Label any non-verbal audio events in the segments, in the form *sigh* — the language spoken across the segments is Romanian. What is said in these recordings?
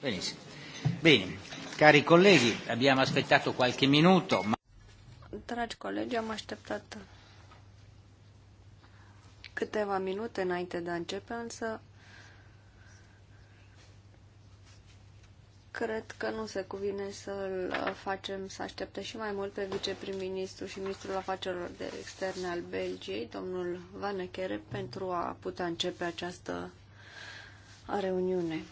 Benissimo. Bene, cari colleghi, abbiamo aspettato qualche minuto. Ma... Dragi colegi, am așteptat câteva minute înainte de a începe, însă cred că nu se cuvine să-l facem să aștepte și mai mult pe viceprim-ministru și ministrul afacerilor de externe al Belgiei, domnul Vanekere, pentru a putea începe această reuniune.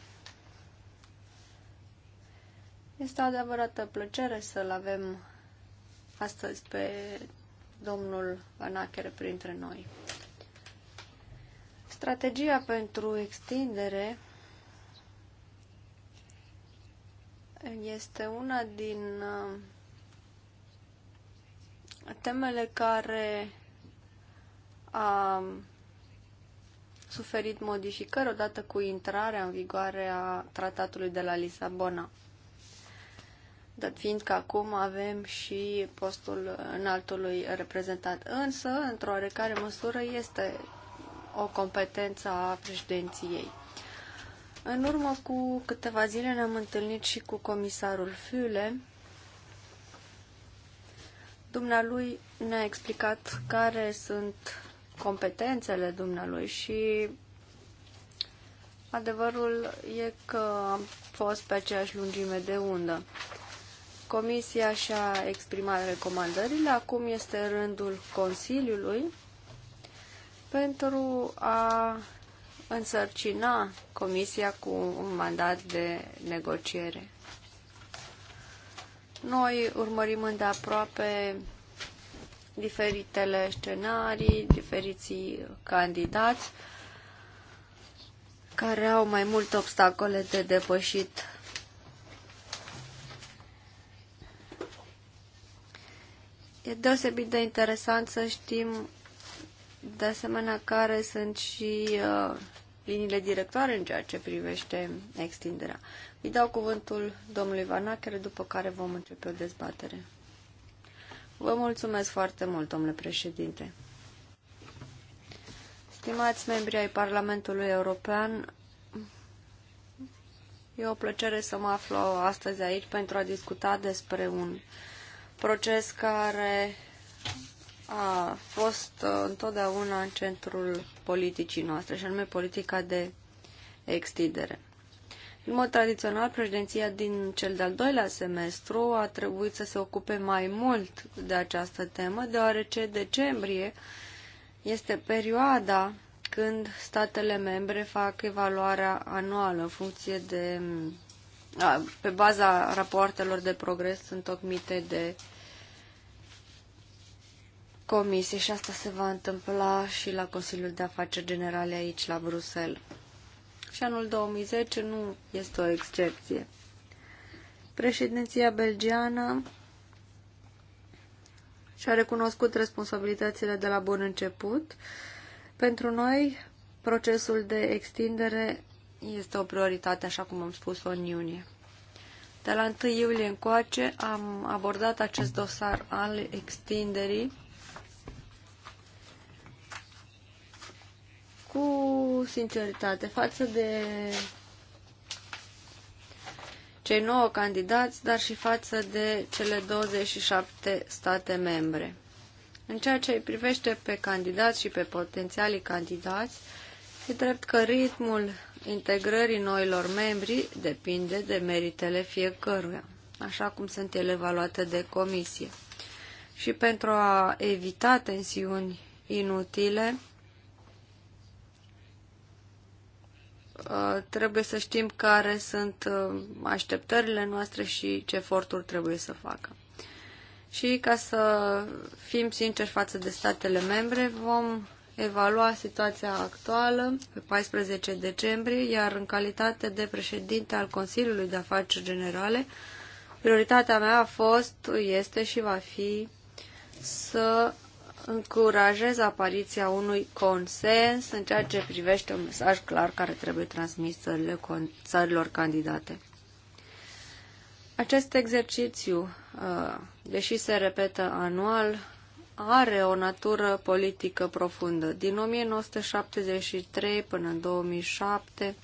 Este o adevărată plăcere să-l avem astăzi pe domnul Vanacher printre noi. Strategia pentru extindere este una din uh, temele care a suferit modificări odată cu intrarea în vigoare a tratatului de la Lisabona dat fiind că acum avem și postul înaltului reprezentat, Însă, într-o oarecare măsură, este o competență a președinției. În urmă cu câteva zile ne-am întâlnit și cu comisarul Fiule. Dumnealui ne-a explicat care sunt competențele dumnealui și adevărul e că am fost pe aceeași lungime de undă. Comisia și-a exprimat recomandările, acum este rândul Consiliului pentru a însărcina Comisia cu un mandat de negociere. Noi urmărim îndeaproape diferitele scenarii, diferiții candidați care au mai multe obstacole de depășit E deosebit de interesant să știm de asemenea care sunt și uh, liniile directoare în ceea ce privește extinderea. Îi dau cuvântul domnului Vanachere, după care vom începe o dezbatere. Vă mulțumesc foarte mult, domnule președinte. Stimați membri ai Parlamentului European, e o plăcere să mă aflu astăzi aici pentru a discuta despre un proces care a fost uh, întotdeauna în centrul politicii noastre, și anume politica de extindere. În mod tradițional, președinția din cel de-al doilea semestru a trebuit să se ocupe mai mult de această temă, deoarece decembrie este perioada când statele membre fac evaluarea anuală în funcție de pe baza rapoartelor de progres întocmite de comisie și asta se va întâmpla și la Consiliul de Afaceri Generale aici la Bruxelles. Și anul 2010 nu este o excepție. Președinția belgiană și-a recunoscut responsabilitățile de la bun început. Pentru noi, procesul de extindere este o prioritate, așa cum am spus-o în iunie. De la 1 iulie încoace am abordat acest dosar al extinderii cu sinceritate față de cei 9 candidați, dar și față de cele 27 state membre. În ceea ce îi privește pe candidați și pe potențialii candidați, e drept că ritmul integrării noilor membri depinde de meritele fiecăruia, așa cum sunt ele evaluate de comisie. Și pentru a evita tensiuni inutile, uh, trebuie să știm care sunt uh, așteptările noastre și ce eforturi trebuie să facă. Și ca să fim sinceri față de statele membre, vom evalua situația actuală pe 14 decembrie, iar în calitate de președinte al Consiliului de Afaceri Generale, prioritatea mea a fost, este și va fi să încurajez apariția unui consens în ceea ce privește un mesaj clar care trebuie transmis țărilor candidate. Acest exercițiu, uh, deși se repetă anual, are o natură politică profundă. Din 1973 până în 2007,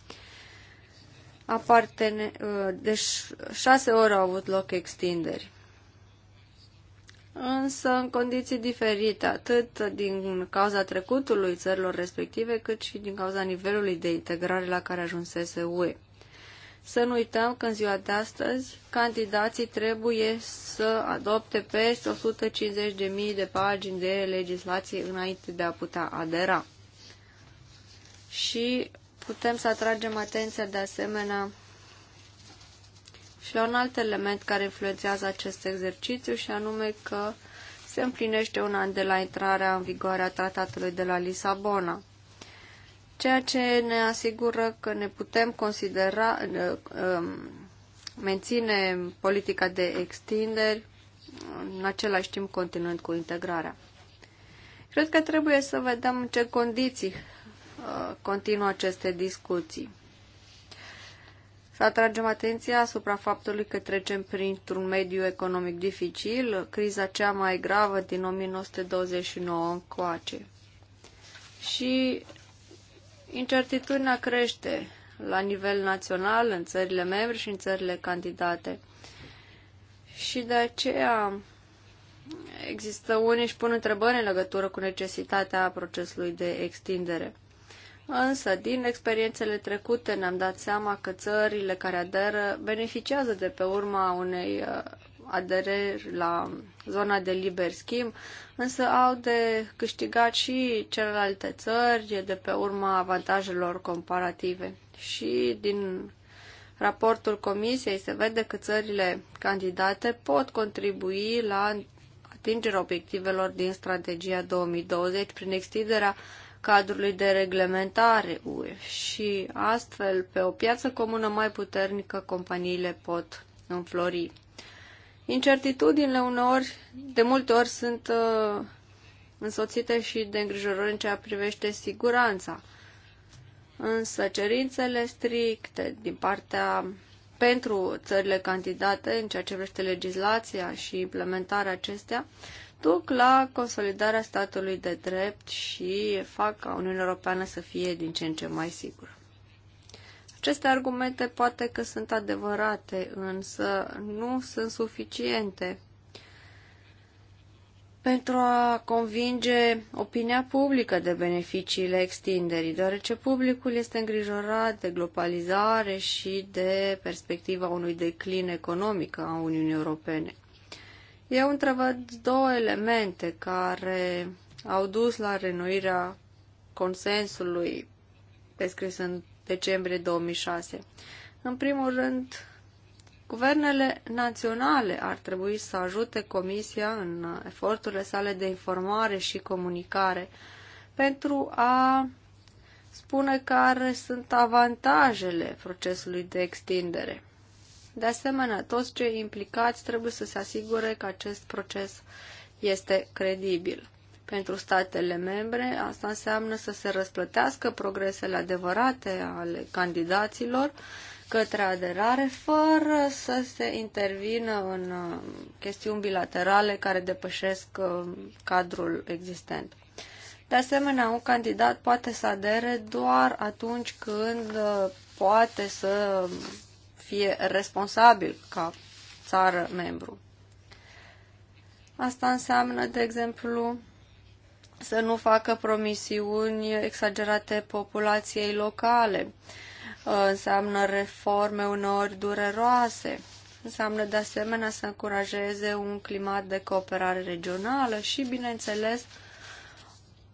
apartene... Uh, deci șase ori au avut loc extinderi. Însă în condiții diferite, atât din cauza trecutului țărilor respective, cât și din cauza nivelului de integrare la care ajunsese UE. Să nu uităm că în ziua de astăzi candidații trebuie să adopte peste 150.000 de pagini de legislație înainte de a putea adera. Și putem să atragem atenția de asemenea și la un alt element care influențează acest exercițiu și anume că se împlinește un an de la intrarea în vigoare a tratatului de la Lisabona ceea ce ne asigură că ne putem considera, um, menține politica de extinderi, în același timp continuând cu integrarea. Cred că trebuie să vedem în ce condiții uh, continuă aceste discuții. Să atragem atenția asupra faptului că trecem printr-un mediu economic dificil, criza cea mai gravă din 1929 încoace. Și Incertitudinea crește la nivel național, în țările membre și în țările candidate. Și de aceea există unii și pun întrebări în legătură cu necesitatea procesului de extindere. Însă, din experiențele trecute, ne-am dat seama că țările care aderă beneficiază de pe urma unei uh, adereri la zona de liber schimb, însă au de câștigat și celelalte țări de pe urma avantajelor comparative. Și din raportul comisiei se vede că țările candidate pot contribui la atingerea obiectivelor din strategia 2020 prin extinderea cadrului de reglementare UE și astfel pe o piață comună mai puternică companiile pot înflori. Incertitudinile uneori, de multe ori, sunt uh, însoțite și de îngrijorări în ceea privește siguranța. Însă cerințele stricte din partea pentru țările candidate în ceea ce privește legislația și implementarea acestea duc la consolidarea statului de drept și fac ca Uniunea Europeană să fie din ce în ce mai sigură. Aceste argumente poate că sunt adevărate, însă nu sunt suficiente pentru a convinge opinia publică de beneficiile extinderii, deoarece publicul este îngrijorat de globalizare și de perspectiva unui declin economic a Uniunii Europene. Eu întrevăd două elemente care au dus la renuirea consensului descris în decembrie 2006. În primul rând, guvernele naționale ar trebui să ajute Comisia în eforturile sale de informare și comunicare pentru a spune care sunt avantajele procesului de extindere. De asemenea, toți cei implicați trebuie să se asigure că acest proces este credibil pentru statele membre. Asta înseamnă să se răsplătească progresele adevărate ale candidaților către aderare, fără să se intervină în uh, chestiuni bilaterale care depășesc uh, cadrul existent. De asemenea, un candidat poate să adere doar atunci când uh, poate să fie responsabil ca țară membru. Asta înseamnă, de exemplu, să nu facă promisiuni exagerate populației locale. Uh, înseamnă reforme uneori dureroase. Înseamnă de asemenea să încurajeze un climat de cooperare regională și, bineînțeles,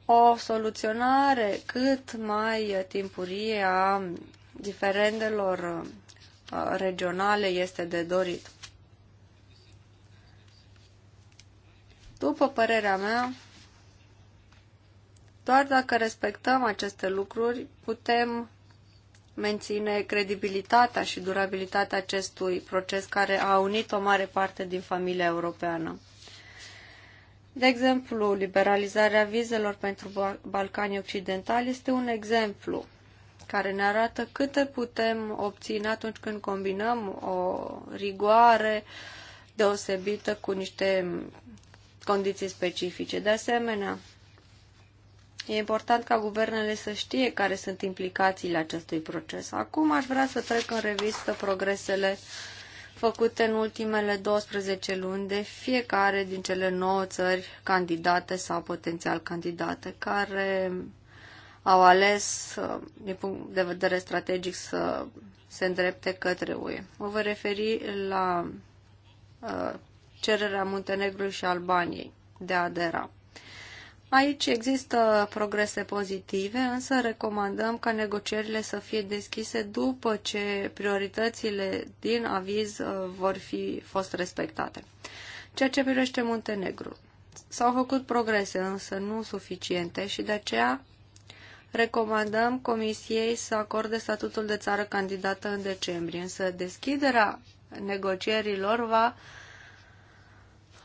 o soluționare cât mai timpurie a diferendelor uh, regionale este de dorit. După părerea mea, doar dacă respectăm aceste lucruri, putem menține credibilitatea și durabilitatea acestui proces care a unit o mare parte din familia europeană. De exemplu, liberalizarea vizelor pentru Balcanii Occidentali este un exemplu care ne arată câte putem obține atunci când combinăm o rigoare deosebită cu niște condiții specifice. De asemenea, E important ca guvernele să știe care sunt implicațiile acestui proces. Acum aș vrea să trec în revistă progresele făcute în ultimele 12 luni de fiecare din cele 9 țări candidate sau potențial candidate care au ales, uh, din punct de vedere strategic, să se îndrepte către UE. Mă voi referi la uh, cererea Muntenegrului și Albaniei de a adera. Aici există progrese pozitive, însă recomandăm ca negocierile să fie deschise după ce prioritățile din aviz uh, vor fi fost respectate. Ceea ce privește Muntenegru. S-au făcut progrese, însă nu suficiente și de aceea recomandăm Comisiei să acorde statutul de țară candidată în decembrie, însă deschiderea negocierilor va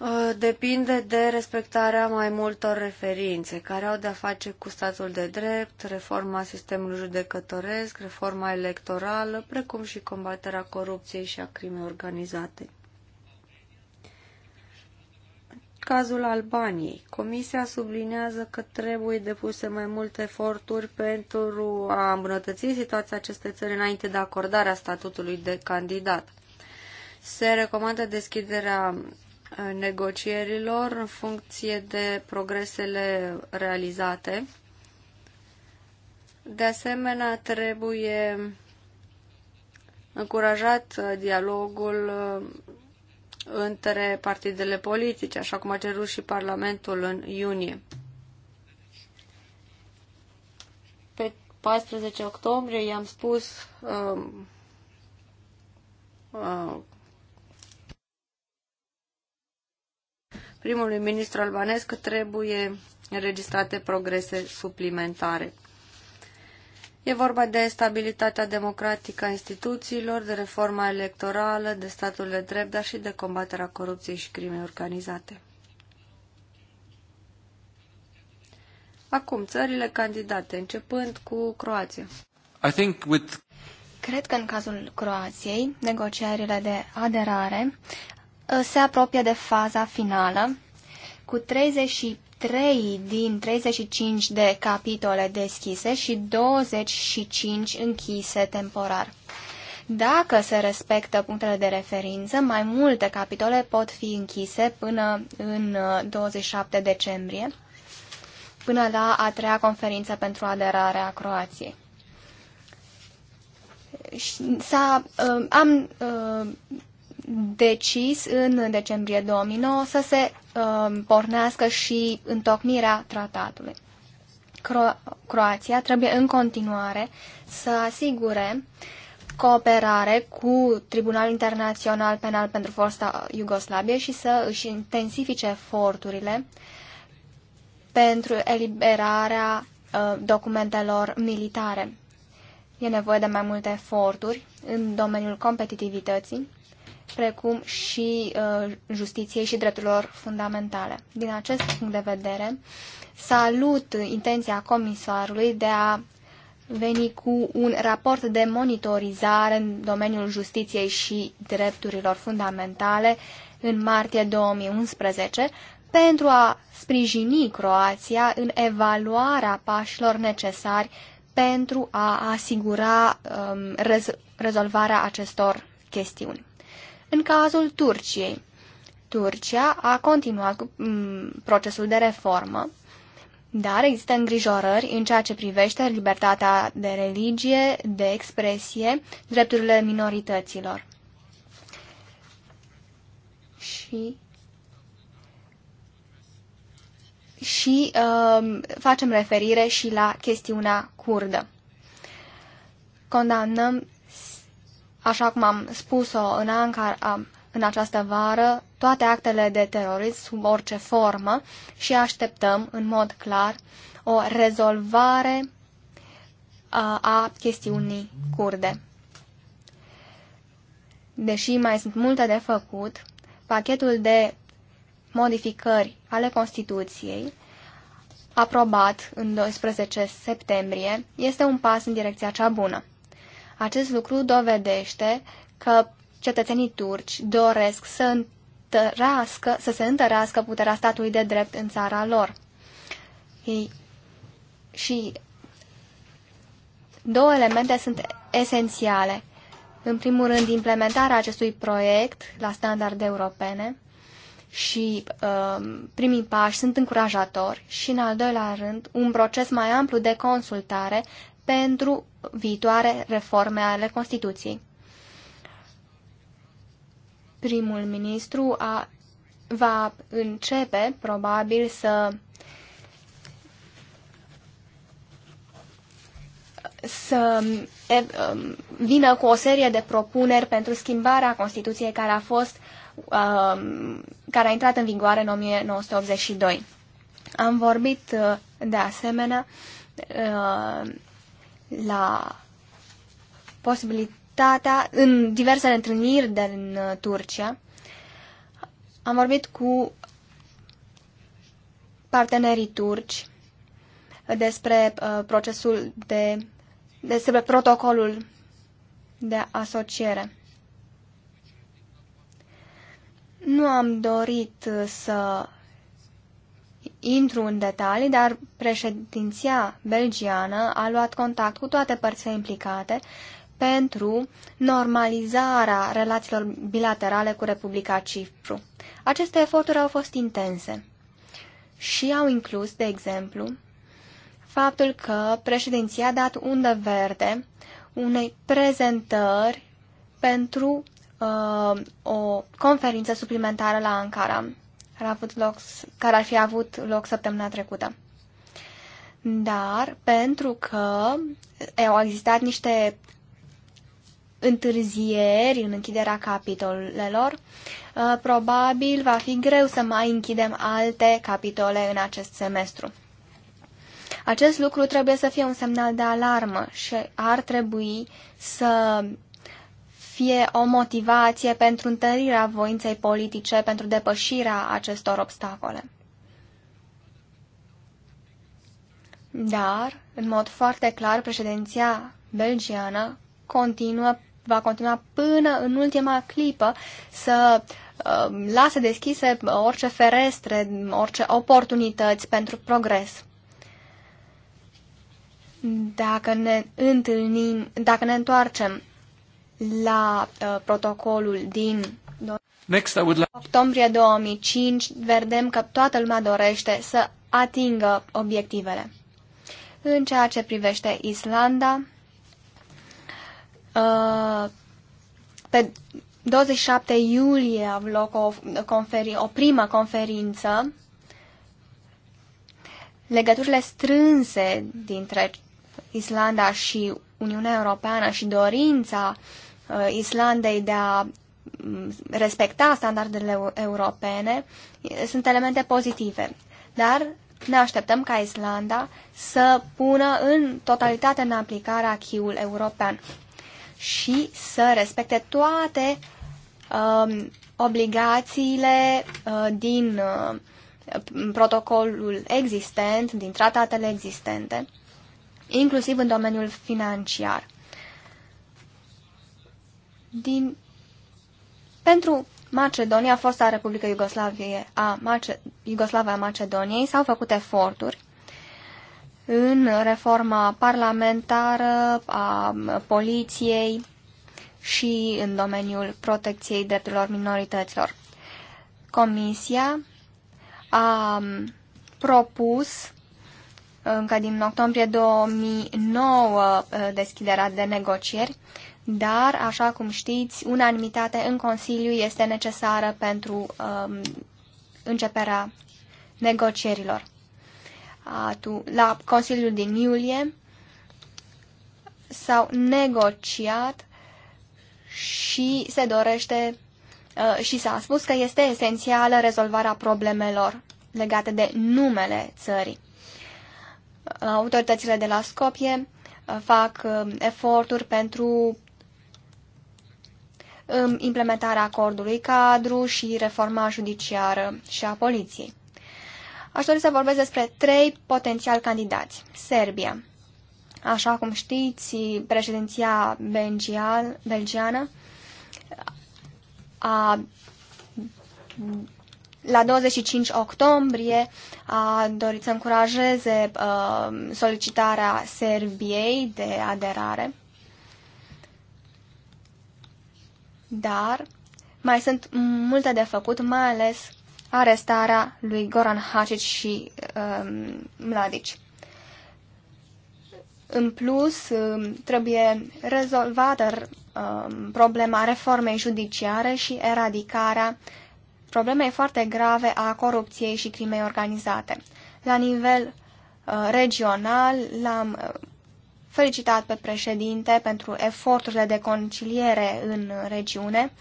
Uh, depinde de respectarea mai multor referințe care au de-a face cu statul de drept, reforma sistemului judecătoresc, reforma electorală, precum și combaterea corupției și a crimei organizate. Cazul Albaniei. Comisia sublinează că trebuie depuse mai multe eforturi pentru a îmbunătăți situația acestei țări înainte de acordarea statutului de candidat se recomandă deschiderea negocierilor în funcție de progresele realizate. De asemenea, trebuie încurajat dialogul uh, între partidele politice, așa cum a cerut și Parlamentul în iunie. Pe 14 octombrie i-am spus uh, uh, primului ministru albanez că trebuie înregistrate progrese suplimentare. E vorba de stabilitatea democratică a instituțiilor, de reforma electorală, de statul de drept, dar și de combaterea corupției și crimei organizate. Acum, țările candidate, începând cu Croația. I think with... Cred că în cazul Croației, negocierile de aderare Uh, se apropie de faza finală cu 33 din 35 de capitole deschise și 25 închise temporar. Dacă se respectă punctele de referință, mai multe capitole pot fi închise până în 27 uh, decembrie, până la a treia conferință pentru aderarea Croației. S-a, uh, am decis în decembrie 2009 să se um, pornească și întocmirea tratatului. Cro- Croația trebuie în continuare să asigure cooperare cu Tribunalul Internațional Penal pentru Forța Iugoslavie și să își intensifice eforturile pentru eliberarea uh, documentelor militare. E nevoie de mai multe eforturi în domeniul competitivității precum și uh, justiției și drepturilor fundamentale. Din acest punct de vedere, salut intenția comisarului de a veni cu un raport de monitorizare în domeniul justiției și drepturilor fundamentale în martie 2011 pentru a sprijini Croația în evaluarea pașilor necesari pentru a asigura um, rez rezolvarea acestor chestiuni în cazul Turciei. Turcia a continuat cu mm, procesul de reformă, dar există îngrijorări în ceea ce privește libertatea de religie, de expresie, drepturile minorităților. Și și uh, facem referire și la chestiunea curdă. Condamnăm Așa cum am spus-o în Ankara în această vară, toate actele de terorism sub orice formă și așteptăm în mod clar o rezolvare a chestiunii curde. Deși mai sunt multe de făcut, pachetul de modificări ale Constituției, aprobat în 12 septembrie, este un pas în direcția cea bună. Acest lucru dovedește că cetățenii turci doresc să, întărească, să se întărească puterea statului de drept în țara lor. Ei, și două elemente sunt esențiale. În primul rând, implementarea acestui proiect la standarde europene și uh, primii pași sunt încurajatori și, în al doilea rând, un proces mai amplu de consultare pentru viitoare reforme ale Constituției. Primul ministru a, va începe, probabil, să să um, vină cu o serie de propuneri pentru schimbarea Constituției care a fost um, care a intrat în vigoare în 1982. Am vorbit uh, de asemenea uh, la posibilitatea, în diversele întâlniri din uh, Turcia, am vorbit cu partenerii turci despre uh, procesul de, despre protocolul de asociere. Nu am dorit să intru în detalii, dar președinția belgiană a luat contact cu toate părțile implicate pentru normalizarea relațiilor bilaterale cu Republica Cipru. Aceste eforturi au fost intense și au inclus, de exemplu, faptul că președinția a dat undă verde unei prezentări pentru uh, o conferință suplimentară la Ankara care, a avut loc, care ar fi avut loc săptămâna trecută. Dar pentru că au existat niște întârzieri în închiderea capitolelor, uh, probabil va fi greu să mai închidem alte capitole în acest semestru. Acest lucru trebuie să fie un semnal de alarmă și ar trebui să fie o motivație pentru întărirea voinței politice, pentru depășirea acestor obstacole. Dar, în mod foarte clar, președinția belgiană continuă, va continua până în ultima clipă să uh, lase deschise orice ferestre, orice oportunități pentru progres. Dacă ne întâlnim, dacă ne întoarcem la uh, protocolul din Next, I would like... octombrie 2005, vedem că toată lumea dorește să atingă obiectivele. În ceea ce privește Islanda, uh, pe 27 iulie a avut loc o, conferi, o primă conferință. Legăturile strânse dintre Islanda și Uniunea Europeană și dorința Uh, Islandei de a mm, respecta standardele europene sunt elemente pozitive, dar ne așteptăm ca Islanda să pună în totalitate în aplicare acquis european și să respecte toate um, obligațiile uh, din uh, protocolul existent, din tratatele existente, inclusiv în domeniul financiar din, pentru Macedonia, forța Republică Iugoslavie a Mace, Iugoslavia a Macedoniei, s-au făcut eforturi în reforma parlamentară, a poliției și în domeniul protecției drepturilor minorităților. Comisia a propus încă din octombrie 2009 deschiderea de negocieri dar, așa cum știți, unanimitate în Consiliu este necesară pentru um, începerea negocierilor. la Consiliul din iulie s-au negociat și se dorește uh, și s-a spus că este esențială rezolvarea problemelor legate de numele țării. Autoritățile de la Scopie uh, fac uh, eforturi pentru implementarea acordului cadru și reforma judiciară și a poliției. Aș dori să vorbesc despre trei potențial candidați. Serbia. Așa cum știți, președinția belgiană a, la 25 octombrie a dorit să încurajeze uh, solicitarea Serbiei de aderare dar mai sunt multe de făcut, mai ales arestarea lui Goran Hacic și um, Mladici. În plus, um, trebuie rezolvată um, problema reformei judiciare și eradicarea problemei foarte grave a corupției și crimei organizate. La nivel uh, regional, la felicitat pe președinte pentru eforturile de conciliere în regiune,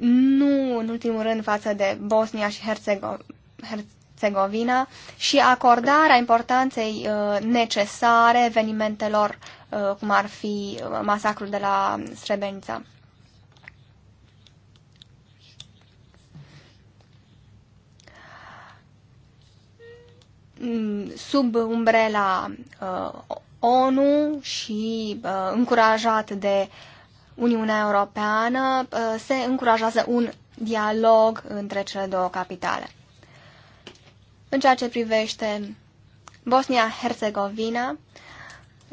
nu în ultimul rând față de Bosnia și Herțego Herțegovina și acordarea importanței uh, necesare evenimentelor uh, cum ar fi uh, masacrul de la Srebrenica. Mm, sub umbrela ONU și uh, încurajat de Uniunea Europeană, uh, se încurajează un dialog între cele două capitale. În ceea ce privește Bosnia-Herzegovina,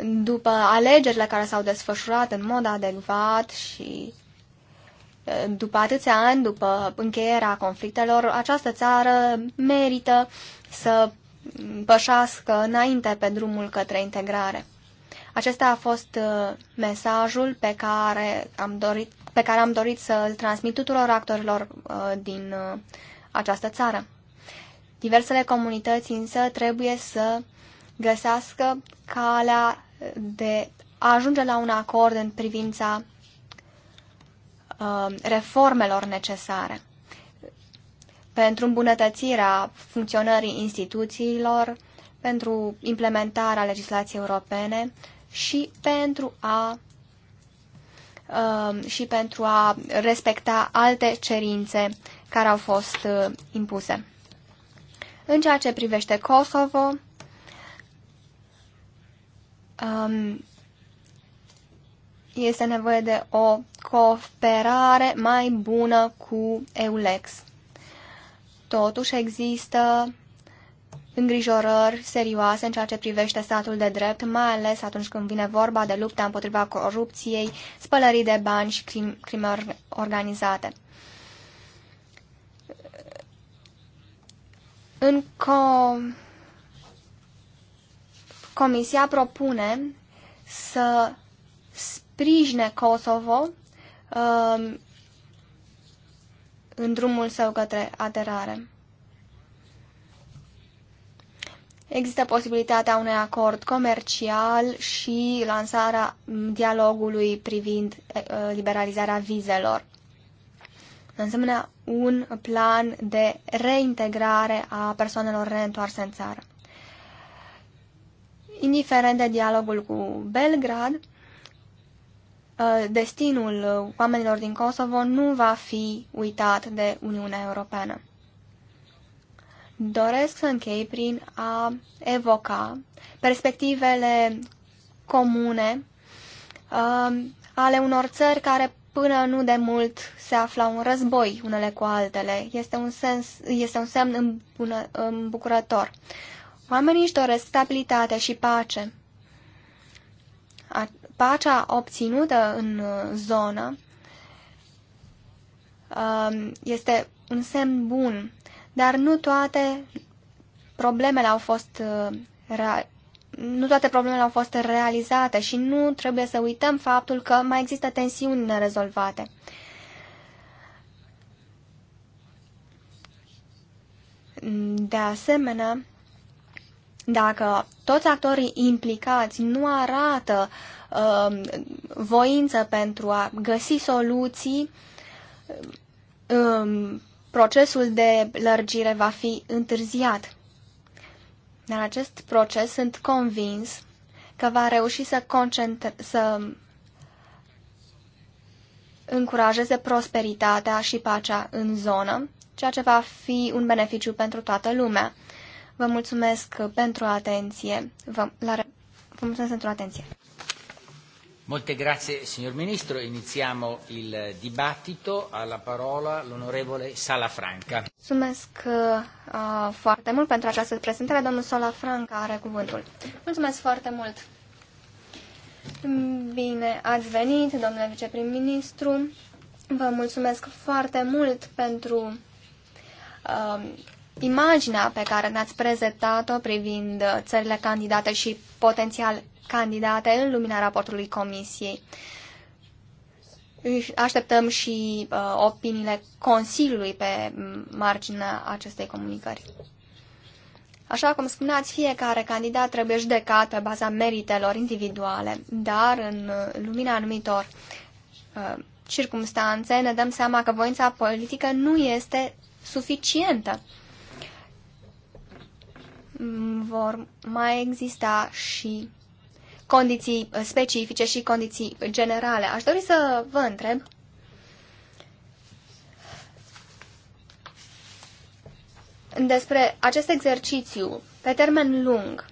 după alegerile care s-au desfășurat în mod adecvat și uh, după atâția ani, după încheierea conflictelor, această țară merită să pășească înainte pe drumul către integrare. Acesta a fost uh, mesajul pe care am dorit, pe care am dorit să îl transmit tuturor actorilor uh, din uh, această țară. Diversele comunități însă trebuie să găsească calea de a ajunge la un acord în privința reformelor necesare pentru îmbunătățirea funcționării instituțiilor, pentru implementarea legislației europene și pentru a um, și pentru a respecta alte cerințe care au fost uh, impuse. În ceea ce privește Kosovo, um, este nevoie de o cooperare mai bună cu EULEX. Totuși există îngrijorări serioase în ceea ce privește statul de drept, mai ales atunci când vine vorba de lupta împotriva corupției, spălării de bani și crim crime organizate. În co- Comisia propune să sprijine Kosovo um, în drumul său către aderare. Există posibilitatea unui acord comercial și lansarea dialogului privind eh, eh, liberalizarea vizelor. De asemenea, un plan de reintegrare a persoanelor reîntoarse în țară. Indiferent de dialogul cu Belgrad, Uh, destinul uh, oamenilor din Kosovo nu va fi uitat de Uniunea Europeană. Doresc să închei prin a evoca perspectivele comune uh, ale unor țări care până nu de mult se aflau în război unele cu altele. Este un, sens, este un semn îmbucurător. Oamenii își doresc stabilitate și pace. Pacea obținută în zonă um, este un semn bun, dar nu toate problemele au fost uh, nu toate problemele au fost realizate și nu trebuie să uităm faptul că mai există tensiuni nerezolvate. De asemenea, dacă toți actorii implicați nu arată uh, voință pentru a găsi soluții, um, procesul de lărgire va fi întârziat. În acest proces sunt convins că va reuși să, să încurajeze prosperitatea și pacea în zonă, ceea ce va fi un beneficiu pentru toată lumea. Vă mulțumesc pentru atenție. Vă, la, vă mulțumesc pentru atenție. Molte grazie, signor Ministro. Iniziamo il dibattito. Alla parola l'onorevole Franca. Mulțumesc uh, foarte mult pentru această prezentare. Domnul Franca are cuvântul. Mulțumesc foarte mult. Bine ați venit, domnule viceprim-ministru. Vă mulțumesc foarte mult pentru uh, imaginea pe care ne-ați prezentat-o privind uh, țările candidate și potențial candidate în lumina raportului Comisiei. Așteptăm și uh, opiniile Consiliului pe mm, marginea acestei comunicări. Așa cum spuneați, fiecare candidat trebuie judecat pe baza meritelor individuale, dar în uh, lumina anumitor uh, circumstanțe ne dăm seama că voința politică nu este suficientă vor mai exista și condiții specifice și condiții generale. Aș dori să vă întreb despre acest exercițiu pe termen lung.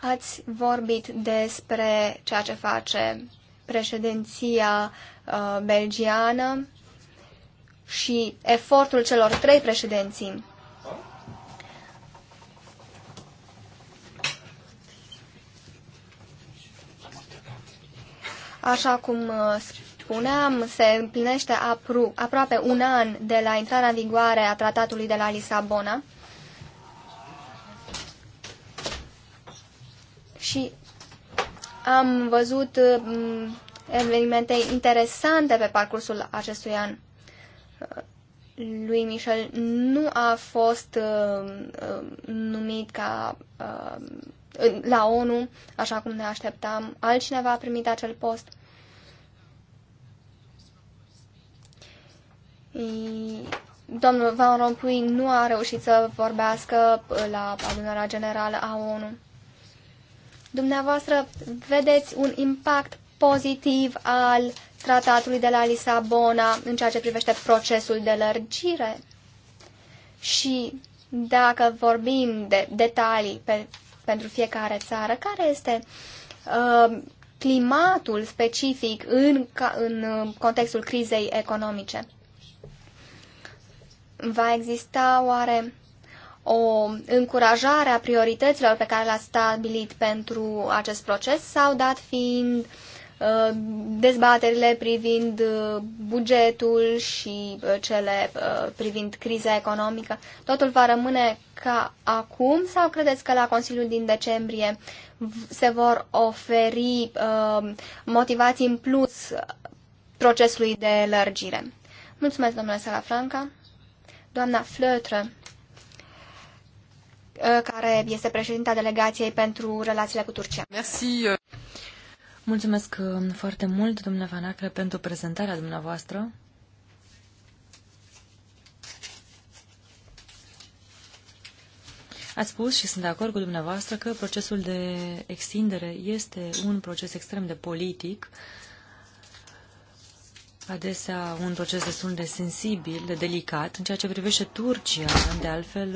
Ați vorbit despre ceea ce face președinția uh, belgiană și efortul celor trei președinții Așa cum uh, spuneam, se împlinește apro aproape un an de la intrarea în vigoare a tratatului de la Lisabona. Și am văzut uh, evenimente interesante pe parcursul acestui an. Uh, lui Michel nu a fost numit ca la ONU, așa cum ne așteptam. Altcineva a primit acel post. Domnul Van Rompuy nu a reușit să vorbească la adunarea generală a ONU. Dumneavoastră vedeți un impact pozitiv al tratatului de la Lisabona în ceea ce privește procesul de lărgire? Și dacă vorbim de detalii pe, pentru fiecare țară, care este uh, climatul specific în, ca, în uh, contextul crizei economice? Va exista oare o încurajare a priorităților pe care le-ați stabilit pentru acest proces sau dat fiind uh, dezbaterile privind uh, bugetul și uh, cele privind criza economică, totul va rămâne ca acum sau credeți că la Consiliul din decembrie se vor oferi motivații în plus procesului de lărgire? Mulțumesc, domnule Sala Franca doamna Flötre, uh, care este președinta delegației pentru relațiile cu Turcia. Merci. Mulțumesc uh, foarte mult, domnule Vanacre, pentru prezentarea dumneavoastră. Ați spus și sunt de acord cu dumneavoastră că procesul de extindere este un proces extrem de politic uh, adesea un proces destul de sensibil, de delicat. În ceea ce privește Turcia, de altfel,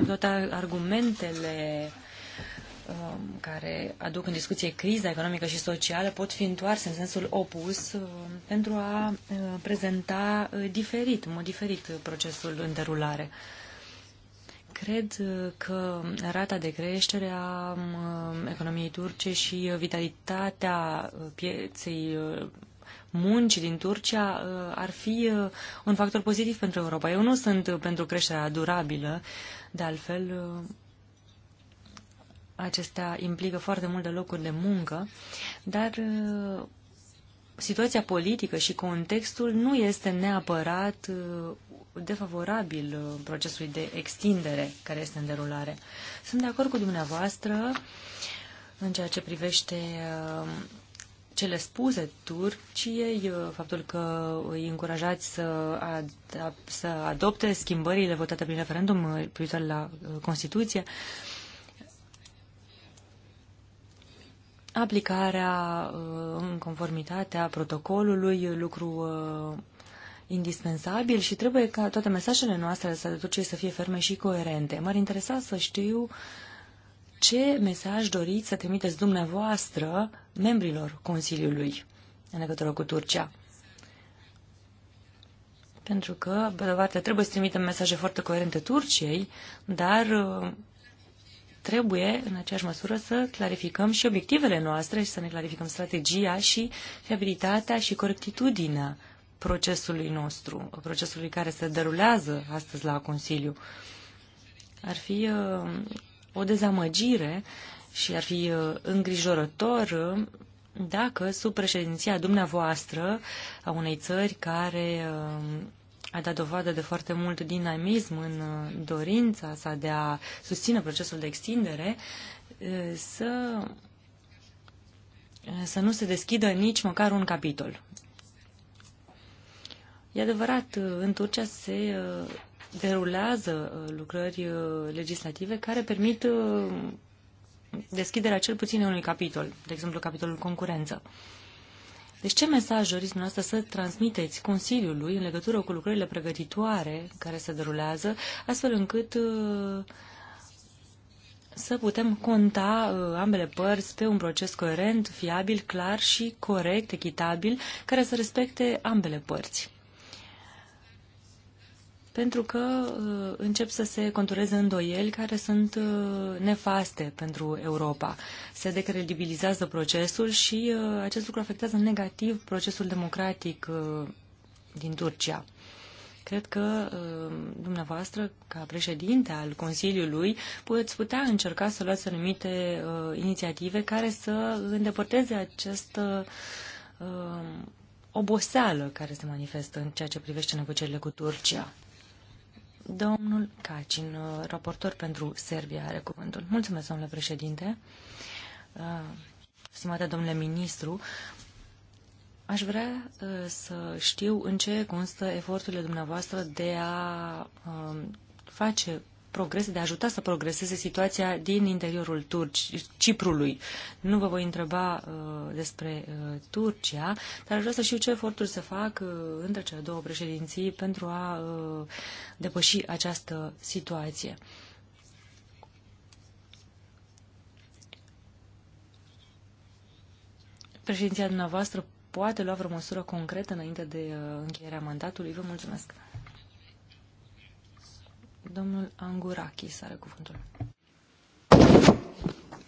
uh, toate argumentele um, care aduc în discuție criza economică și socială pot fi întoarse în sensul opus uh, pentru a uh, prezenta diferit, în mod diferit procesul în derulare. Cred că rata de creștere a um, economiei turce și vitalitatea pieței muncii din Turcia uh, ar fi uh, un factor pozitiv pentru Europa. Eu nu sunt pentru creșterea durabilă, de altfel uh, acestea implică foarte multe locuri de muncă, dar situația politică și contextul nu este neapărat defavorabil procesului de extindere care este în derulare. Sunt de acord cu dumneavoastră în ceea ce privește cele spuse Turciei, uh, faptul că îi încurajați să, ad, să adopte schimbările votate prin referendum uh, privitoare la uh, Constituție, aplicarea în conformitatea protocolului, lucru indispensabil și trebuie ca toate mesajele noastre de Turciei să fie ferme și coerente. M-ar interesa să știu uh, ce mesaj doriți să trimiteți dumneavoastră membrilor Consiliului în legătură cu Turcia? Pentru că, pe de parte, trebuie să trimitem mesaje foarte coerente Turciei, dar uh, trebuie, în aceeași măsură, să clarificăm și obiectivele noastre și să ne clarificăm strategia și fiabilitatea și corectitudinea procesului nostru, procesului care se derulează astăzi la Consiliu. Ar fi uh, o dezamăgire și ar fi uh, îngrijorător uh, dacă sub președinția dumneavoastră a unei țări care uh, a dat dovadă de foarte mult dinamism în dorința sa de a susține procesul de extindere, să, să nu se deschidă nici măcar un capitol. E adevărat, în Turcia se derulează uh, lucrări uh, legislative care permit uh, deschiderea cel puțin unui capitol, de exemplu capitolul concurență. Deci ce mesaj doriți dumneavoastră să transmiteți Consiliului în legătură cu lucrările pregătitoare care se derulează, astfel încât să putem conta ambele părți pe un proces coerent, fiabil, clar și corect, echitabil, care să respecte ambele părți? pentru că uh, încep să se contureze îndoieli care sunt uh, nefaste pentru Europa. Se decredibilizează procesul și uh, acest lucru afectează negativ procesul democratic din Turcia. Cred că dumneavoastră, ca președinte al Consiliului, puteți putea încerca să luați anumite inițiative care să îndepărteze această oboseală care se manifestă în ceea ce privește negocierile cu Turcia. Domnul Cacin, raportor pentru Serbia, are cuvântul. Mulțumesc, domnule președinte. Uh, stimate domnule ministru, aș vrea uh, să știu în ce constă eforturile dumneavoastră de a uh, face progrese, de a ajuta să progreseze situația din interiorul Turci, Ciprului. Nu vă voi întreba uh, despre uh, Turcia, dar aș vrea să știu ce eforturi se fac uh, între cele două președinții pentru a uh, depăși această situație. Președinția dumneavoastră poate lua vreo măsură concretă înainte de uh, încheierea mandatului. Vă mulțumesc! Domnul Angurakis are cuvântul.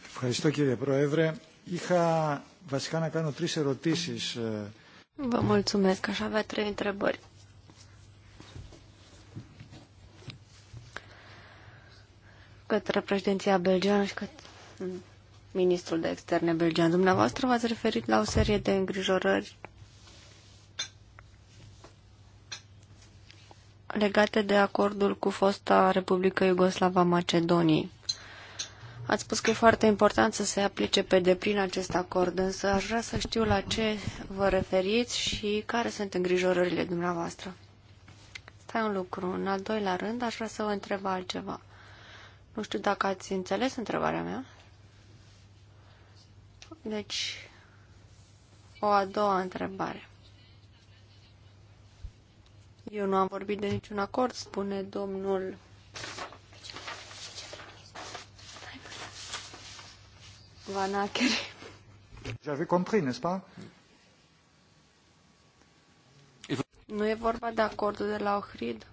Ευχαριστώ κύριε Πρόεδρε. Είχα βασικά να κάνω τρεις ερωτήσεις. Vă mulțumesc, aș avea trei întrebări. Către președinția belgeană și către ministrul de externe belgean. Dumneavoastră v-ați referit la o serie de îngrijorări legate de acordul cu fosta Republică Iugoslava Macedoniei. Ați spus că e foarte important să se aplice pe deplin acest acord, însă aș vrea să știu la ce vă referiți și care sunt îngrijorările dumneavoastră. Stai un lucru. În al doilea rând, aș vrea să vă întreb altceva. Nu știu dacă ați înțeles întrebarea mea. Deci, o a doua întrebare. Eu nu am vorbit de niciun acord, spune domnul Vanacher. J'avais compris, n'est-ce pas? Nu e vorba de acordul de la Ohrid?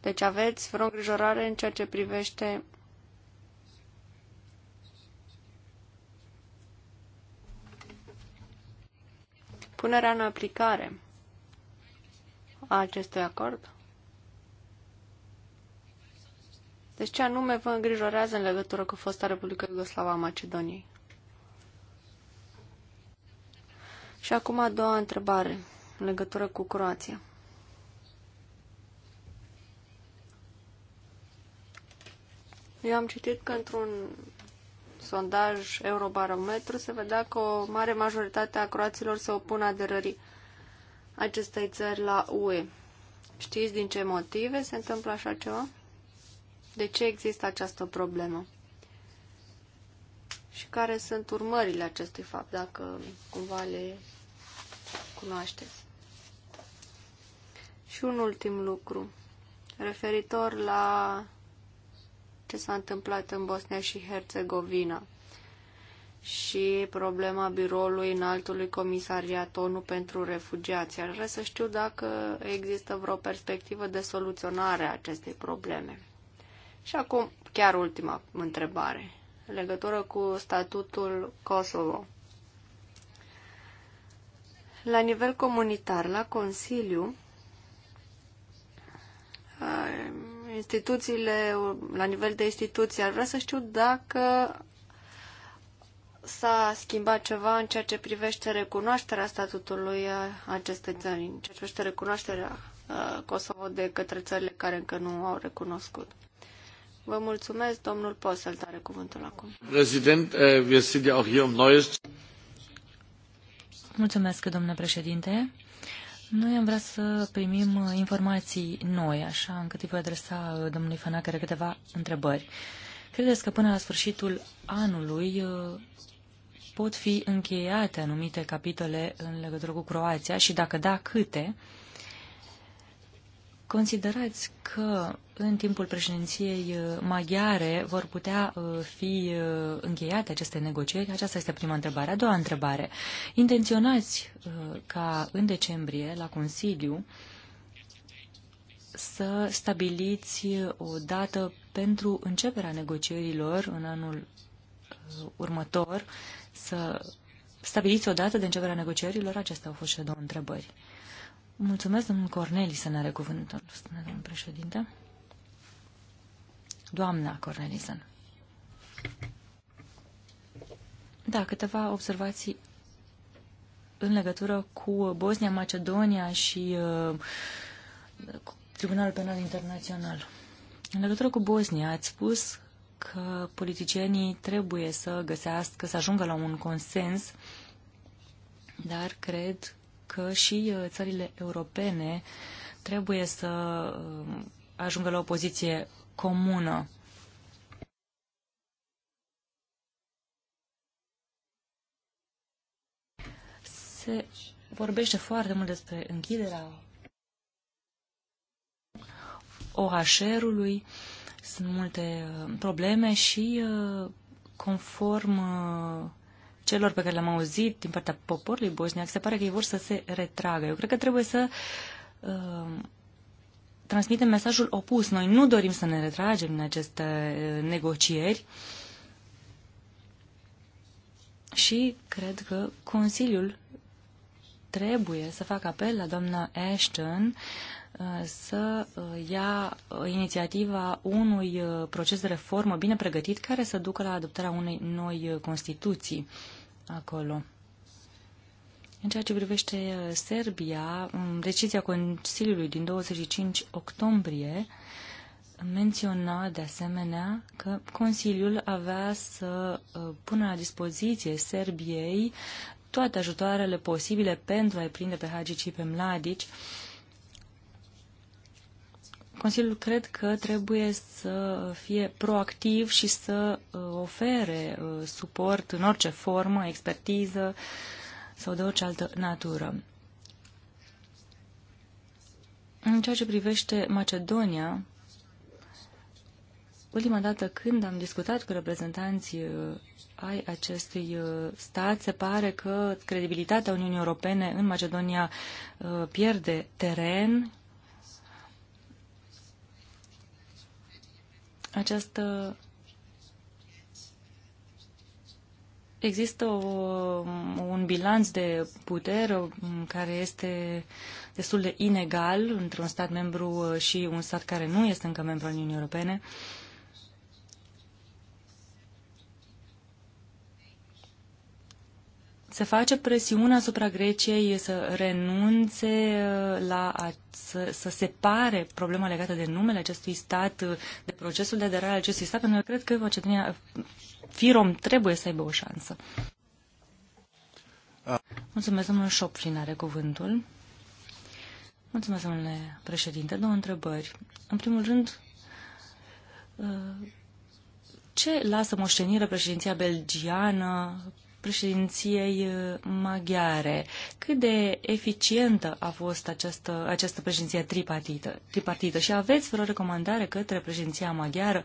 Deci aveți vreo îngrijorare în ceea ce privește punerea în aplicare a acestui acord? Deci ce anume vă îngrijorează în legătură cu fosta Republică Iugoslava a Macedoniei? Și acum a doua întrebare în legătură cu Croația. Eu am citit că într-un sondaj Eurobarometru, se vedea că o mare majoritate a croaților se opun aderării acestei țări la UE. Știți din ce motive se întâmplă așa ceva? De ce există această problemă? Și care sunt urmările acestui fapt, dacă cumva le cunoașteți? Și un ultim lucru, referitor la ce s-a întâmplat în Bosnia și Herțegovina și problema biroului înaltului comisariat ONU pentru refugiați. Aș vrea să știu dacă există vreo perspectivă de soluționare a acestei probleme. Și acum, chiar ultima întrebare, în legătură cu statutul Kosovo. La nivel comunitar, la Consiliu, instituțiile, la nivel de instituții. Ar vrea să știu dacă s-a schimbat ceva în ceea ce privește recunoașterea statutului uh, acestei țări, în ceea ce privește recunoașterea uh, Kosovo de către țările care încă nu au recunoscut. Vă mulțumesc, domnul Posel, tare cuvântul acum. Prezident, vă uh, sunt ja auch um Mulțumesc, domnule președinte. Noi am vrea să primim uh, informații noi, așa încât îi voi adresa uh, domnului Fanacere câteva întrebări. Credeți că până la sfârșitul anului uh, pot fi încheiate anumite capitole în legătură cu Croația și dacă da, câte? Considerați că în timpul președinției uh, maghiare vor putea uh, fi uh, încheiate aceste negocieri? Aceasta este prima întrebare. A doua întrebare. Intenționați ca în decembrie la Consiliu să stabiliți o dată pentru începerea negocierilor în anul următor, să stabiliți o dată de începerea negocierilor? Acestea au fost și două întrebări. Mulțumesc, domnul Corneli, să ne are cuvântul, domnul președinte. Doamna Cornelison. Da, câteva observații în legătură cu Bosnia, Macedonia și uh, Tribunalul Penal Internațional. În legătură cu Bosnia, ați spus că politicienii trebuie să găsească, să ajungă la un consens, dar cred că și uh, țările europene trebuie să uh, ajungă la o poziție comună. Se vorbește foarte mult despre închiderea OHR-ului, sunt multe uh, probleme și uh, conform uh, celor pe care le-am auzit din partea poporului bosniac, se pare că ei vor să se retragă. Eu cred că trebuie să transmitem mesajul opus. Noi nu dorim să ne retragem în aceste uh, negocieri și cred că Consiliul trebuie să facă apel la doamna Ashton uh, să uh, ia inițiativa unui proces de reformă bine pregătit care să ducă la adoptarea unei noi Constituții acolo. În ceea ce privește uh, Serbia, um, decizia Consiliului din 25 octombrie menționa de asemenea că Consiliul avea să uh, pună la dispoziție Serbiei toate ajutoarele posibile pentru a-i prinde pe Hagi și pe Mladici. Consiliul cred că trebuie să fie proactiv și să uh, ofere suport în orice formă, expertiză, sau de orice altă natură. În ceea ce privește Macedonia, ultima dată când am discutat cu reprezentanții uh, ai acestui uh, stat, se pare că credibilitatea Uniunii Europene în Macedonia uh, pierde teren. Această Există o, un bilanț de putere care este destul de inegal între un stat membru și un stat care nu este încă membru al Uniunii Europene. Uh, se face presiune asupra Greciei să renunțe uh, la a, să, să separe problema legată de numele acestui stat, uh, de procesul de aderare al acestui stat, pentru că cred că Macedonia, uh, Firom trebuie să aibă o șansă. Mulțumesc, domnul Șopflin are cuvântul. Mulțumesc, domnule președinte. Două întrebări. În primul rând, ce lasă moștenire președinția belgiană președinției uh, maghiare. Cât de eficientă a fost această, această președinție tripartită, tripartită? Și aveți vreo recomandare către președinția maghiară?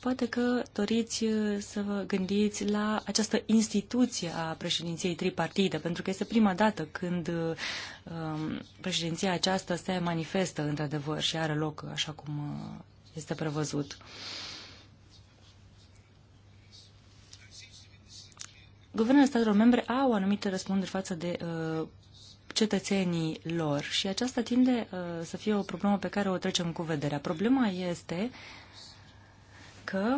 Poate că doriți uh, să vă gândiți la această instituție a președinției tripartite, pentru că este prima dată când uh, um, președinția aceasta se manifestă într-adevăr și are loc așa cum este prevăzut. Uh, guvernele statelor membre au anumite răspunderi față de uh, cetățenii lor și aceasta tinde uh, să fie o problemă pe care o trecem cu vederea. Problema este că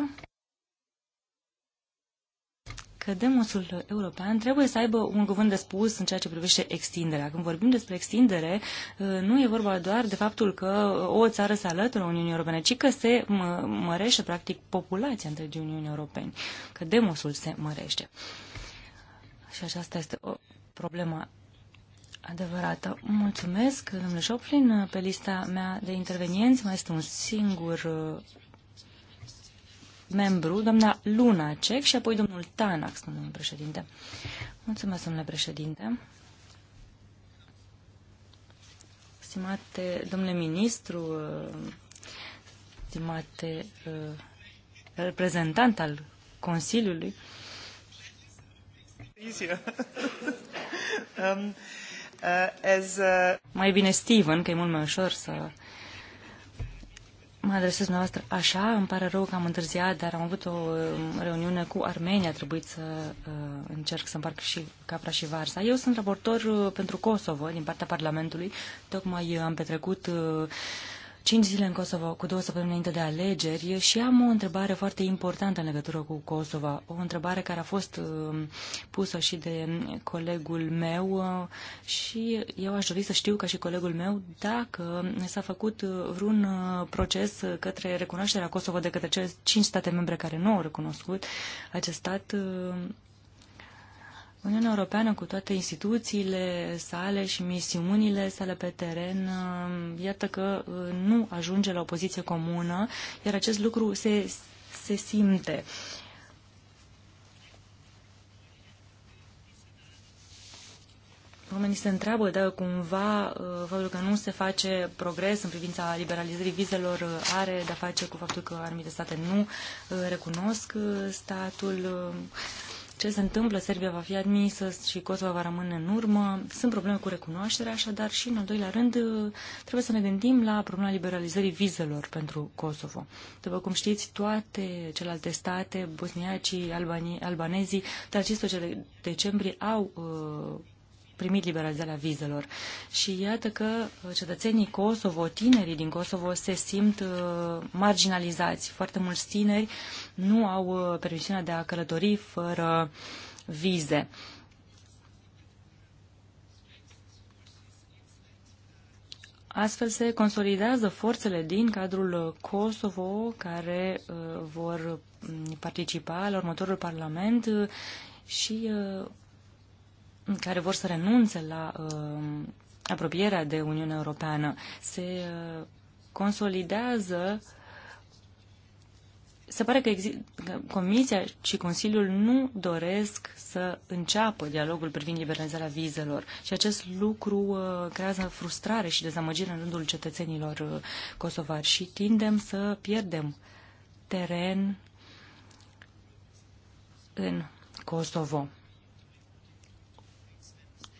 că demosul european trebuie să aibă un cuvânt de spus în ceea ce privește extinderea. Când vorbim despre extindere, uh, nu e vorba doar de faptul că o țară se alătură Uniunii Europene, ci că se mărește, practic, populația întregii Uniunii Europene, că demosul se mărește și aceasta este o problemă adevărată. Mulțumesc, domnule Joplin. Pe lista mea de intervenienți mai este un singur uh, membru, doamna Luna Cec și apoi domnul Tanax, domnule președinte. Mulțumesc, domnule președinte. Stimate domnule ministru, uh, stimate uh, reprezentant al Consiliului, easier. *laughs* um, uh, as, uh... Mai bine Steven, că e mult mai ușor să mă adresez dumneavoastră așa, îmi pare rău că am întârziat, dar am avut o um, reuniune cu Armenia, a trebuit să uh, încerc să împarc și Capra și Varsa. Eu sunt raportor uh, pentru Kosovo din partea Parlamentului, tocmai uh, am petrecut uh, cinci zile în Kosovo, cu două săptămâni înainte de alegeri și am o întrebare foarte importantă în legătură cu Kosovo, o întrebare care a fost um, pusă și de colegul meu uh, și eu aș dori să știu ca și colegul meu dacă s-a făcut uh, vreun uh, proces către recunoașterea Kosovo de către cele cinci state membre care nu au recunoscut acest stat Uniunea Europeană cu toate instituțiile sale și misiunile sale pe teren, uh, iată că uh, nu ajunge la o poziție comună, iar acest lucru se, se simte. Oamenii se întreabă dacă cumva uh, faptul că nu se face progres în privința liberalizării vizelor are de-a face cu faptul că anumite state nu recunosc statul ce se întâmplă, Serbia va fi admisă și Kosovo va rămâne în urmă. Sunt probleme cu recunoașterea, așadar, și în al doilea rând trebuie să ne gândim la problema liberalizării vizelor pentru Kosovo. După cum știți, toate celelalte state, bosniacii, albanii, albanezii, de la 15 decembrie au uh, primit liberalizarea vizelor. Și iată că uh, cetățenii Kosovo, tinerii din Kosovo, se simt uh, marginalizați. Foarte mulți tineri nu au uh, permisiunea de a călători fără vize. Astfel se consolidează forțele din cadrul Kosovo care vor mm, participa la următorul parlament și care vor să renunțe la uh, apropierea de Uniunea Europeană. Se uh, consolidează se pare că, că Comisia și Consiliul nu doresc să înceapă dialogul privind liberalizarea vizelor și acest lucru uh, creează frustrare și dezamăgire în rândul cetățenilor uh, kosovari și tindem să pierdem teren în Kosovo.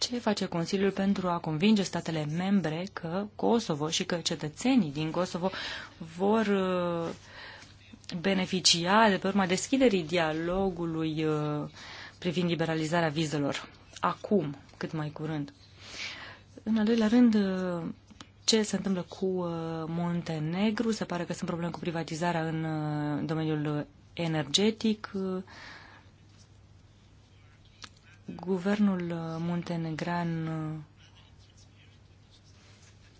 Ce face Consiliul pentru a convinge statele membre că Kosovo și că cetățenii din Kosovo vor uh, beneficia de pe urma deschiderii dialogului uh, privind liberalizarea vizelor acum, cât mai curând? În al doilea rând, uh, ce se întâmplă cu Montenegru? Se pare că sunt probleme cu privatizarea în domeniul energetic. Guvernul uh, muntenegran uh,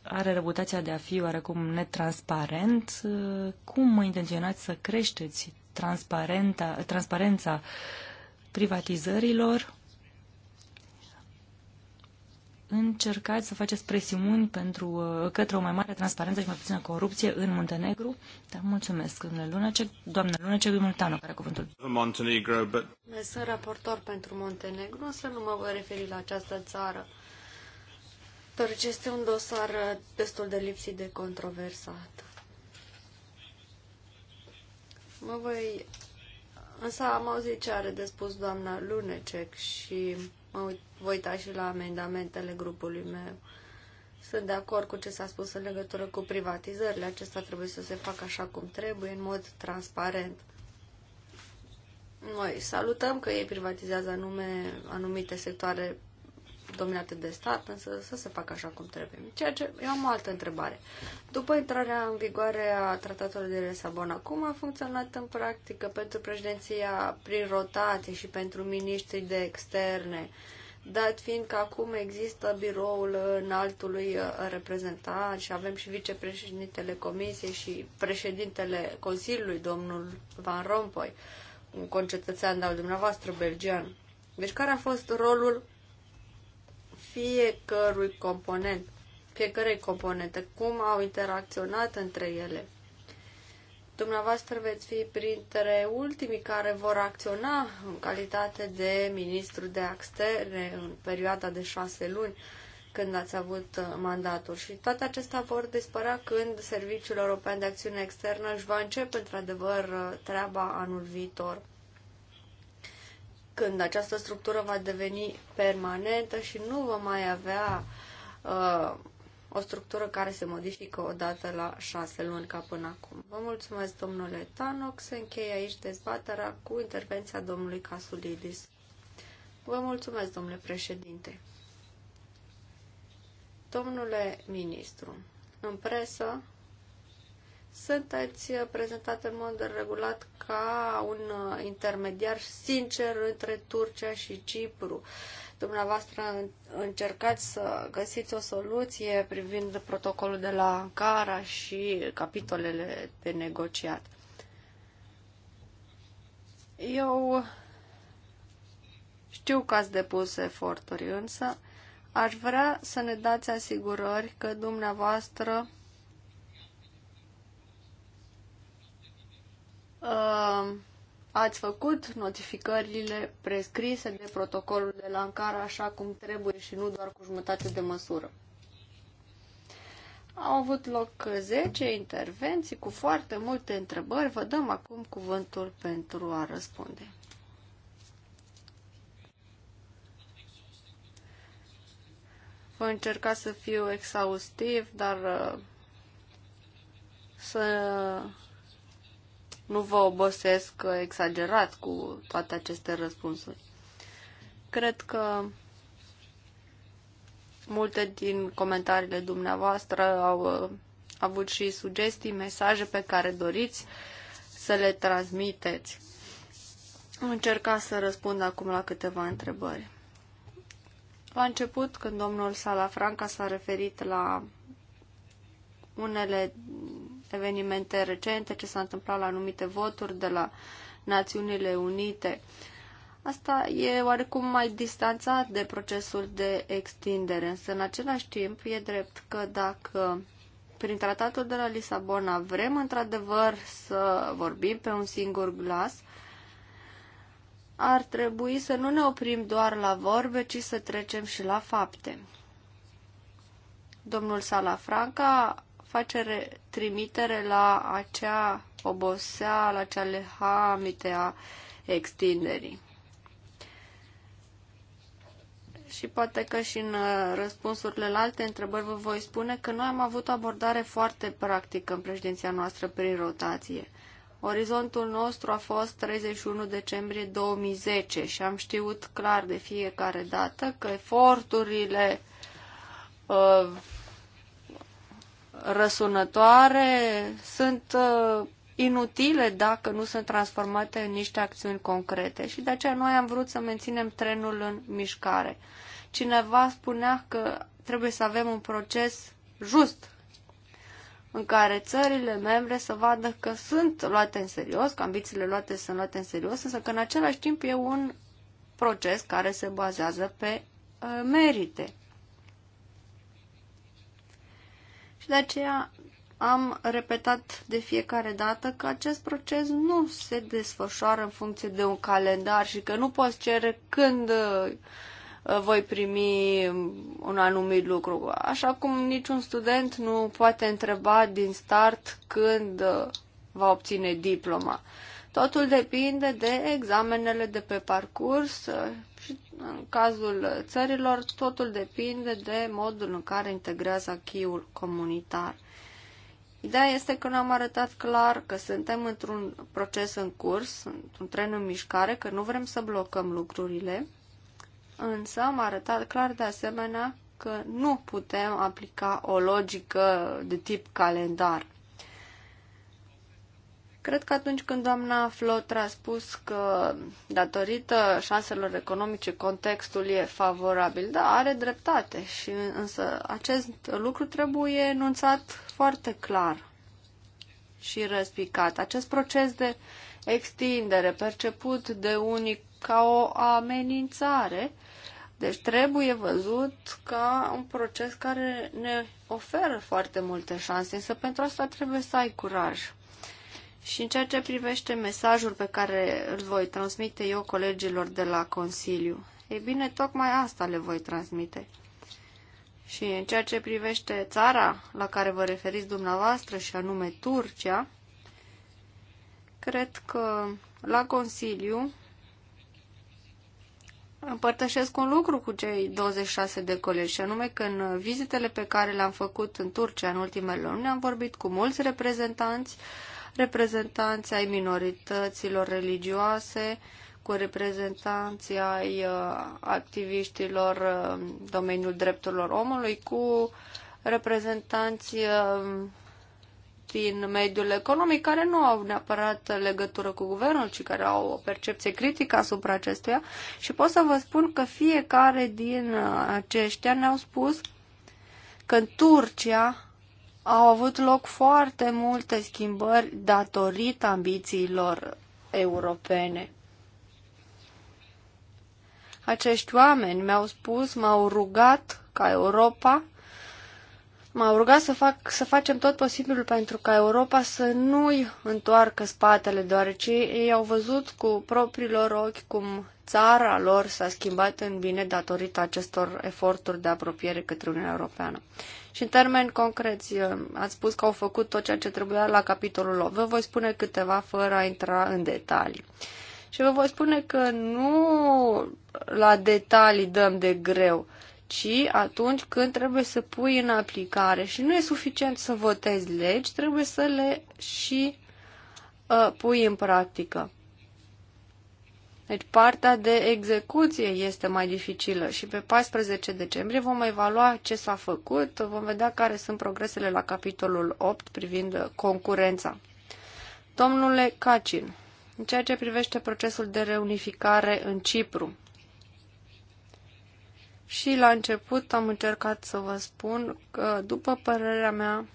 are reputația de a fi oarecum netransparent. Uh, cum intenționați să creșteți transparența privatizărilor încercați să faceți presiuni pentru, uh, către o mai mare transparență și mai puțină corupție în Muntenegru? Da, mulțumesc, domnule Lunacek. Doamne Lunacek, Tano, care cuvântul. Montenegro, but... Sunt raportor pentru Muntenegru, însă nu mă voi referi la această țară, Dar este un dosar destul de lipsit de controversat. Mă voi... Însă am auzit ce are de spus doamna Lunecek și mă voi uita și la amendamentele grupului meu. Sunt de acord cu ce s-a spus în legătură cu privatizările. Acesta trebuie să se facă așa cum trebuie, în mod transparent. Noi salutăm că ei privatizează anume, anumite sectoare dominate de stat, însă să se facă așa cum trebuie. Ceea ce eu am o altă întrebare. După intrarea în vigoare a tratatului de Lisabona, cum a funcționat în practică pentru președinția prin rotație și pentru miniștrii de externe? dat fiind că acum există biroul înaltului uh, reprezentant și avem și vicepreședintele Comisiei și președintele Consiliului, domnul Van Rompuy, un concetățean de al dumneavoastră belgian. Deci care a fost rolul fiecărui component, fiecărei componente, cum au interacționat între ele. Dumneavoastră veți fi printre ultimii care vor acționa în calitate de ministru de externe în perioada de șase luni când ați avut uh, mandatul și toate acestea vor dispărea când Serviciul European de Acțiune Externă își va începe într-adevăr uh, treaba anul viitor când această structură va deveni permanentă și nu va mai avea uh, o structură care se modifică odată la șase luni ca până acum. Vă mulțumesc, domnule Tanox. Se încheie aici dezbaterea cu intervenția domnului Casulidis. Vă mulțumesc, domnule președinte. Domnule ministru, în presă sunteți prezentat în mod regulat ca un uh, intermediar sincer între Turcia și Cipru. Dumneavoastră încercați să găsiți o soluție privind protocolul de la Ankara și capitolele de negociat. Eu știu că ați depus eforturi, însă aș vrea să ne dați asigurări că dumneavoastră Uh, ați făcut notificările prescrise de protocolul de la Ankara așa cum trebuie și nu doar cu jumătate de măsură. Au avut loc 10 intervenții cu foarte multe întrebări. Vă dăm acum cuvântul pentru a răspunde. Voi încerca să fiu exhaustiv, dar uh, să nu vă obosesc exagerat cu toate aceste răspunsuri. Cred că multe din comentariile dumneavoastră au uh, avut și sugestii, mesaje pe care doriți să le transmiteți. Am încercat să răspund acum la câteva întrebări. La început, când domnul Salafranca s-a referit la unele evenimente recente, ce s-a întâmplat la anumite voturi de la Națiunile Unite. Asta e oarecum mai distanțat de procesul de extindere, însă în același timp e drept că dacă prin tratatul de la Lisabona vrem într-adevăr să vorbim pe un singur glas, ar trebui să nu ne oprim doar la vorbe, ci să trecem și la fapte. Domnul Salafranca face trimitere la acea oboseală, acea lehamite a extinderii. Și poate că și în uh, răspunsurile la alte întrebări vă voi spune că noi am avut o abordare foarte practică în președinția noastră prin rotație. Orizontul nostru a fost 31 decembrie 2010 și am știut clar de fiecare dată că eforturile uh, răsunătoare sunt uh, inutile dacă nu sunt transformate în niște acțiuni concrete și de aceea noi am vrut să menținem trenul în mișcare. Cineva spunea că trebuie să avem un proces just în care țările membre să vadă că sunt luate în serios, că ambițiile luate sunt luate în serios, însă că în același timp e un proces care se bazează pe uh, merite. de aceea am repetat de fiecare dată că acest proces nu se desfășoară în funcție de un calendar și că nu poți cere când uh, voi primi un anumit lucru. Așa cum niciun student nu poate întreba din start când uh, va obține diploma. Totul depinde de examenele de pe parcurs uh, și în cazul țărilor totul depinde de modul în care integrează chiul comunitar. Ideea este că ne-am arătat clar că suntem într-un proces în curs, într-un tren în mișcare, că nu vrem să blocăm lucrurile, însă am arătat clar de asemenea că nu putem aplica o logică de tip calendar. Cred că atunci când doamna Flotra a spus că datorită șanselor economice contextul e favorabil, da, are dreptate, și însă acest lucru trebuie enunțat foarte clar și răspicat. Acest proces de extindere perceput de unii ca o amenințare, deci trebuie văzut ca un proces care ne oferă foarte multe șanse, însă pentru asta trebuie să ai curaj. Și în ceea ce privește mesajul pe care îl voi transmite eu colegilor de la Consiliu, e bine, tocmai asta le voi transmite. Și în ceea ce privește țara la care vă referiți dumneavoastră, și anume Turcia, cred că la Consiliu împărtășesc un lucru cu cei 26 de colegi, și anume că în vizitele pe care le-am făcut în Turcia în ultimele luni am vorbit cu mulți reprezentanți reprezentanții ai minorităților religioase, cu reprezentanții ai uh, activiștilor uh, domeniul drepturilor omului, cu reprezentanții uh, din mediul economic care nu au neapărat legătură cu guvernul, ci care au o percepție critică asupra acestuia și pot să vă spun că fiecare din aceștia ne-au spus că în Turcia au avut loc foarte multe schimbări datorită ambițiilor europene. Acești oameni mi-au spus, m-au rugat ca Europa, m-au rugat să, fac, să facem tot posibilul pentru ca Europa să nu-i întoarcă spatele, deoarece ei au văzut cu propriilor ochi cum țara lor s-a schimbat în bine datorită acestor eforturi de apropiere către Uniunea Europeană. Și în termeni concreți, eh, ați spus că au făcut tot ceea ce trebuia la capitolul 8. Vă voi spune câteva fără a intra în detalii. Și vă voi spune că nu la detalii dăm de greu, ci atunci când trebuie să pui în aplicare. Și nu e suficient să votezi legi, trebuie să le și uh, pui în practică. Deci partea de execuție este mai dificilă și pe 14 decembrie vom evalua ce s-a făcut, vom vedea care sunt progresele la capitolul 8 privind concurența. Domnule Cacin, în ceea ce privește procesul de reunificare în Cipru, și la început am încercat să vă spun că, după părerea mea,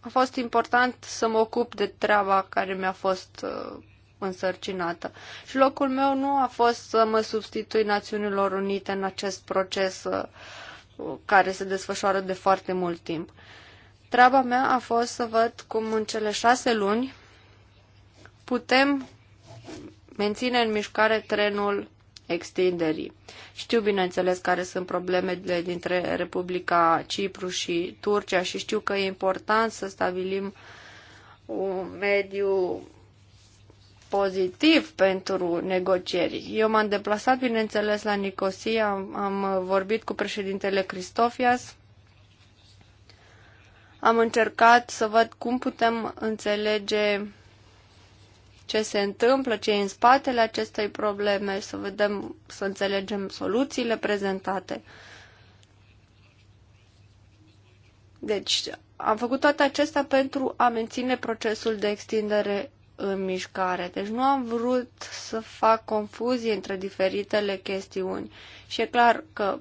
a fost important să mă ocup de treaba care mi-a fost uh, însărcinată. Și locul meu nu a fost să mă substitui Națiunilor Unite în acest proces uh, care se desfășoară de foarte mult timp. Treaba mea a fost să văd cum în cele șase luni putem menține în mișcare trenul extinderii. Știu, bineînțeles, care sunt problemele dintre Republica Cipru și Turcia și știu că e important să stabilim un mediu pozitiv pentru negocieri. Eu m-am deplasat, bineînțeles, la Nicosia, am, am vorbit cu președintele Cristofias, am încercat să văd cum putem înțelege ce se întâmplă, ce e în spatele acestei probleme, să vedem, să înțelegem soluțiile prezentate. Deci, am făcut toate acestea pentru a menține procesul de extindere în mișcare. Deci nu am vrut să fac confuzie între diferitele chestiuni. Și e clar că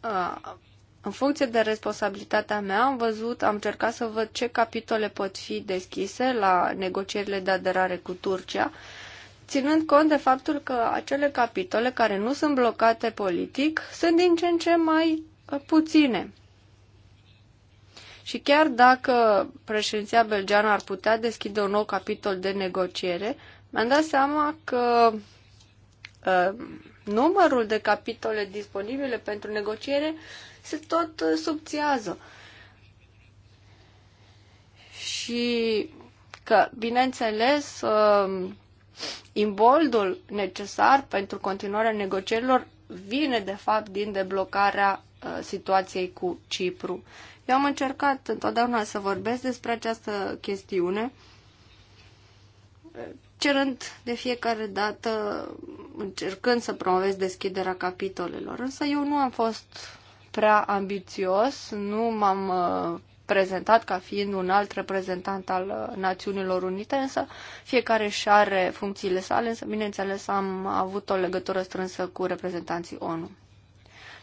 a, în funcție de responsabilitatea mea am văzut, am încercat să văd ce capitole pot fi deschise la negocierile de aderare cu Turcia, ținând cont de faptul că acele capitole care nu sunt blocate politic sunt din ce în ce mai puține. Și chiar dacă președinția belgeană ar putea deschide un nou capitol de negociere, mi-am dat seama că uh, numărul de capitole disponibile pentru negociere se tot ă, subțiază. Și că, bineînțeles, uh, imboldul necesar pentru continuarea negocierilor vine, de fapt, din deblocarea situației cu Cipru. Eu am încercat întotdeauna să vorbesc despre această chestiune, cerând de fiecare dată, încercând să promovez deschiderea capitolelor. Însă eu nu am fost prea ambițios, nu m-am uh, prezentat ca fiind un alt reprezentant al uh, Națiunilor Unite, însă fiecare și are funcțiile sale, însă bineînțeles am avut o legătură strânsă cu reprezentanții ONU.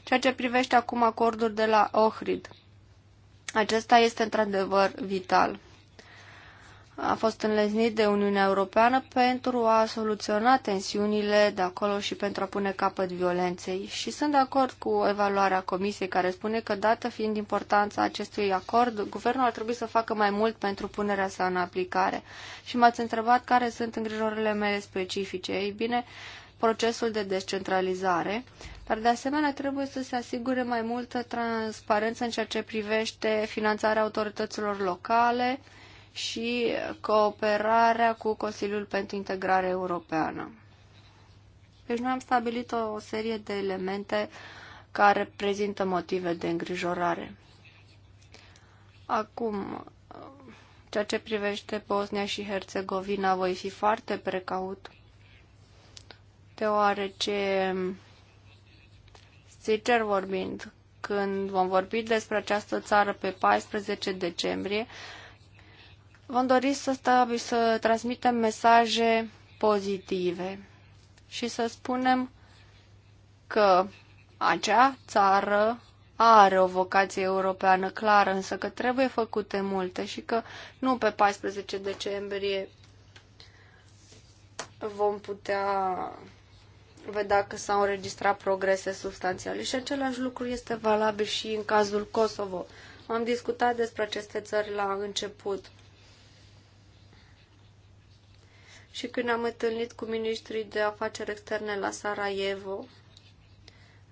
Ceea ce privește acum acordul de la Ohrid, acesta este într-adevăr vital. A fost înleznit de Uniunea Europeană pentru a soluționa tensiunile de acolo și pentru a pune capăt violenței. Și sunt de acord cu evaluarea Comisiei care spune că, dată fiind importanța acestui acord, guvernul ar trebui să facă mai mult pentru punerea sa în aplicare. Și m-ați întrebat care sunt îngrijorările mele specifice. Ei bine, procesul de descentralizare dar de asemenea trebuie să se asigure mai multă transparență în ceea ce privește finanțarea autorităților locale și cooperarea cu Consiliul pentru Integrare Europeană. Deci noi am stabilit o serie de elemente care prezintă motive de îngrijorare. Acum, ceea ce privește Bosnia și Herțegovina, voi fi foarte precaut, deoarece Sincer vorbind, când vom vorbi despre această țară pe 14 decembrie, vom dori să, stabi, să transmitem mesaje pozitive și să spunem că acea țară are o vocație europeană clară, însă că trebuie făcute multe și că nu pe 14 decembrie vom putea vedea că s-au înregistrat progrese substanțiale și același lucru este valabil și în cazul Kosovo. Am discutat despre aceste țări la început. Și când am întâlnit cu ministrii de afaceri externe la Sarajevo,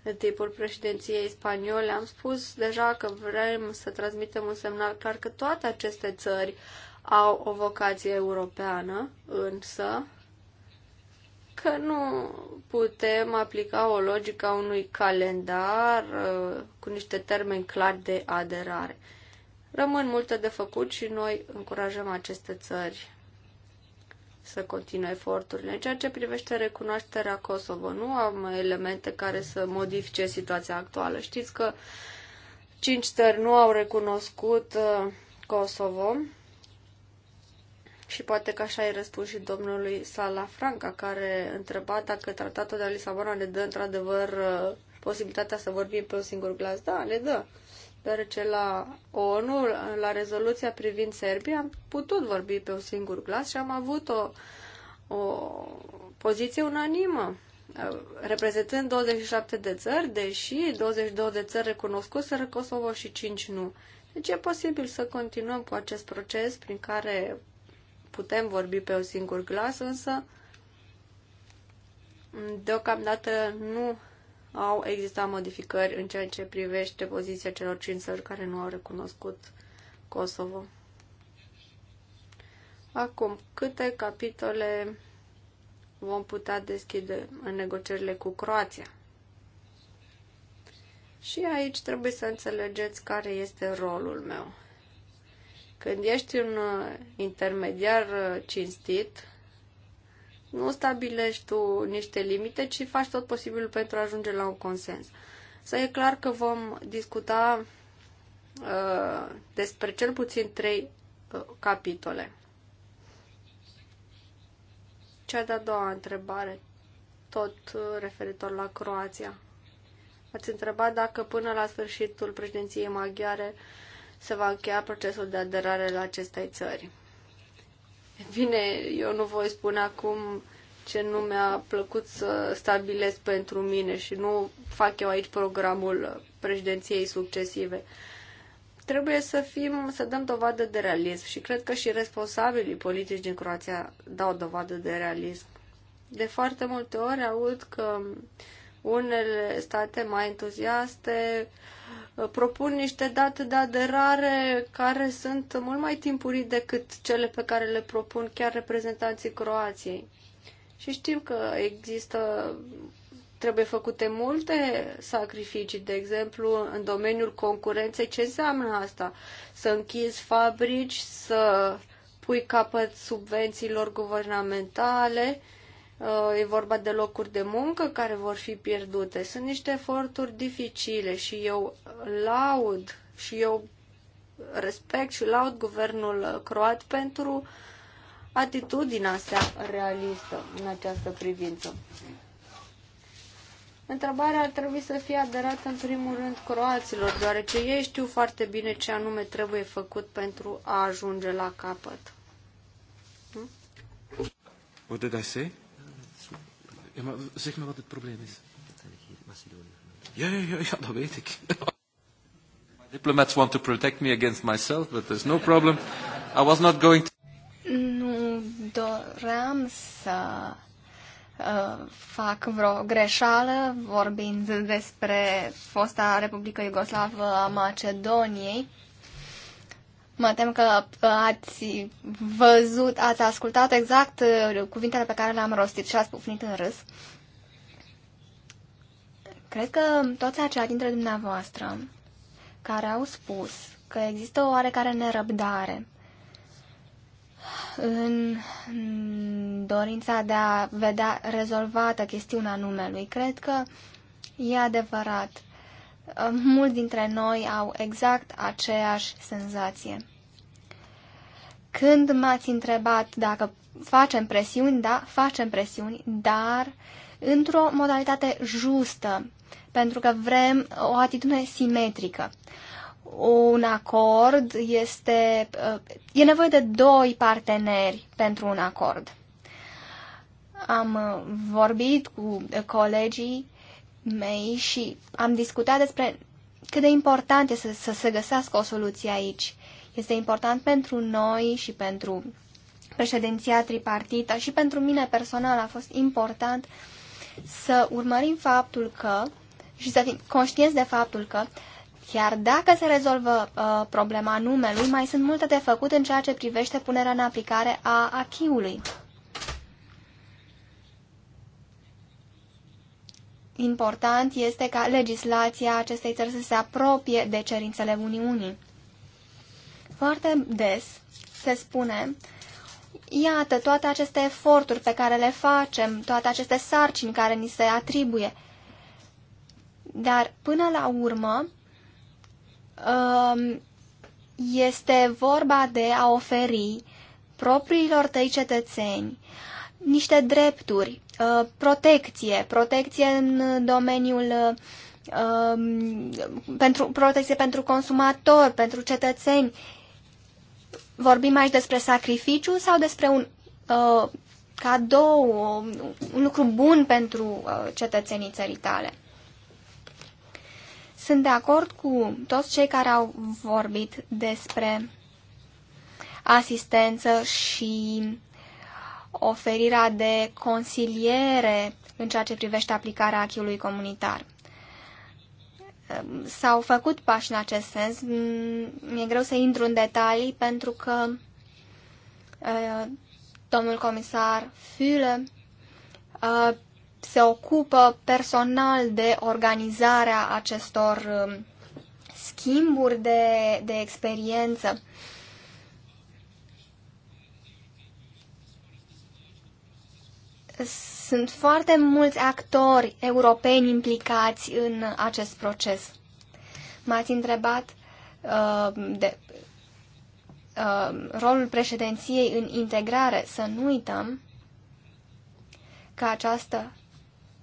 în timpul președinției spaniole, am spus deja că vrem să transmitem un semnal clar că toate aceste țări au o vocație europeană, însă că nu putem aplica o logică a unui calendar uh, cu niște termeni clari de aderare. Rămân multe de făcut și noi încurajăm aceste țări să continue eforturile. În ceea ce privește recunoașterea Kosovo, nu am elemente care să modifice situația actuală. Știți că cinci țări nu au recunoscut uh, Kosovo și poate că așa e răspuns și domnului Sala Franca, care întreba dacă tratatul de la Lisabona ne dă într-adevăr uh, posibilitatea să vorbim pe un singur glas. Da, ne dă. Deoarece la ONU, la rezoluția privind Serbia, am putut vorbi pe un singur glas și am avut o, o poziție unanimă uh, reprezentând 27 de țări, deși 22 de țări recunoscuseră Kosovo și 5 nu. Deci e posibil să continuăm cu acest proces prin care putem vorbi pe un singur glas, însă deocamdată nu au existat modificări în ceea ce privește poziția celor cinci țări care nu au recunoscut Kosovo. Acum, câte capitole vom putea deschide în negocierile cu Croația? Și aici trebuie să înțelegeți care este rolul meu. Când ești un uh, intermediar uh, cinstit, nu stabilești tu niște limite, ci faci tot posibilul pentru a ajunge la un consens. Să e clar că vom discuta uh, despre cel puțin trei uh, capitole. Cea de-a doua întrebare, tot uh, referitor la Croația. Ați întrebat dacă până la sfârșitul președinției maghiare uh, se va încheia procesul de aderare la acestei țări. Bine, eu nu voi spune acum ce nu mi-a plăcut să stabilesc pentru mine și nu fac eu aici programul președinției succesive. Trebuie să fim, să dăm dovadă de realism și cred că și responsabilii politici din Croația dau dovadă de realism. De foarte multe ori aud că unele state mai entuziaste uh, Uh, propun niște date de aderare care sunt mult mai timpurii decât cele pe care le propun chiar reprezentanții Croației. Și știm că există, trebuie făcute multe sacrificii, de exemplu, în domeniul concurenței. Ce înseamnă asta? Să închizi fabrici, să pui capăt subvențiilor guvernamentale, uh, Uh, e vorba de locuri de muncă care vor fi pierdute. Sunt niște eforturi dificile și eu laud și eu respect și laud guvernul croat pentru atitudinea sa realistă în această privință. Întrebarea ar trebui să fie aderată în primul rând croaților, deoarece ei știu foarte bine ce anume trebuie făcut pentru a ajunge la capăt. Hm? Ja, maar zeg maar wat het probleem is. Ja, ja, ja, ja, dat weet ik. *laughs* My diplomats want to protect me against myself, but there's no problem. I was not going to... Nu doream să uh, fac vreo greșeală vorbind despre fosta Republică Iugoslavă a Macedoniei. Mă tem că uh, ați văzut, ați ascultat exact uh, cuvintele pe care le-am rostit și ați pufnit în râs. Cred că toți aceia dintre dumneavoastră care au spus că există o oarecare nerăbdare în dorința de a vedea rezolvată chestiunea numelui. Cred că e adevărat. Mulți dintre noi au exact aceeași senzație. Când m-ați întrebat dacă facem presiuni, da, facem presiuni, dar într-o modalitate justă, pentru că vrem o atitudine simetrică. Un acord este... Uh, e nevoie de doi parteneri pentru un acord. Am uh, vorbit cu colegii mei și am discutat despre cât de important este să, să se găsească o soluție aici. Este important pentru noi și pentru președinția tripartită și pentru mine personal a fost important să urmărim faptul că și să fim conștienți de faptul că Chiar dacă se rezolvă uh, problema numelui, mai sunt multe de făcut în ceea ce privește punerea în aplicare a achiului. Important este ca legislația acestei țări să se apropie de cerințele Uniunii. Foarte des se spune, iată toate aceste eforturi pe care le facem, toate aceste sarcini care ni se atribuie. Dar până la urmă um, este vorba de a oferi propriilor tăi cetățeni niște drepturi, uh, protecție, protecție în domeniul um, pentru protecție pentru consumator, pentru cetățeni, Vorbim aici despre sacrificiu sau despre un uh, cadou, un lucru bun pentru uh, cetățenii țării tale? Sunt de acord cu toți cei care au vorbit despre asistență și oferirea de consiliere în ceea ce privește aplicarea acquis comunitar s-au făcut pași în acest sens. Mi-e mm, greu să intru în detalii pentru că uh, domnul comisar Füle uh, se ocupă personal de organizarea acestor uh, schimburi de, de experiență. Sunt foarte mulți actori europeni implicați în acest proces. M-ați întrebat uh, de uh, rolul președinției în integrare. Să nu uităm că această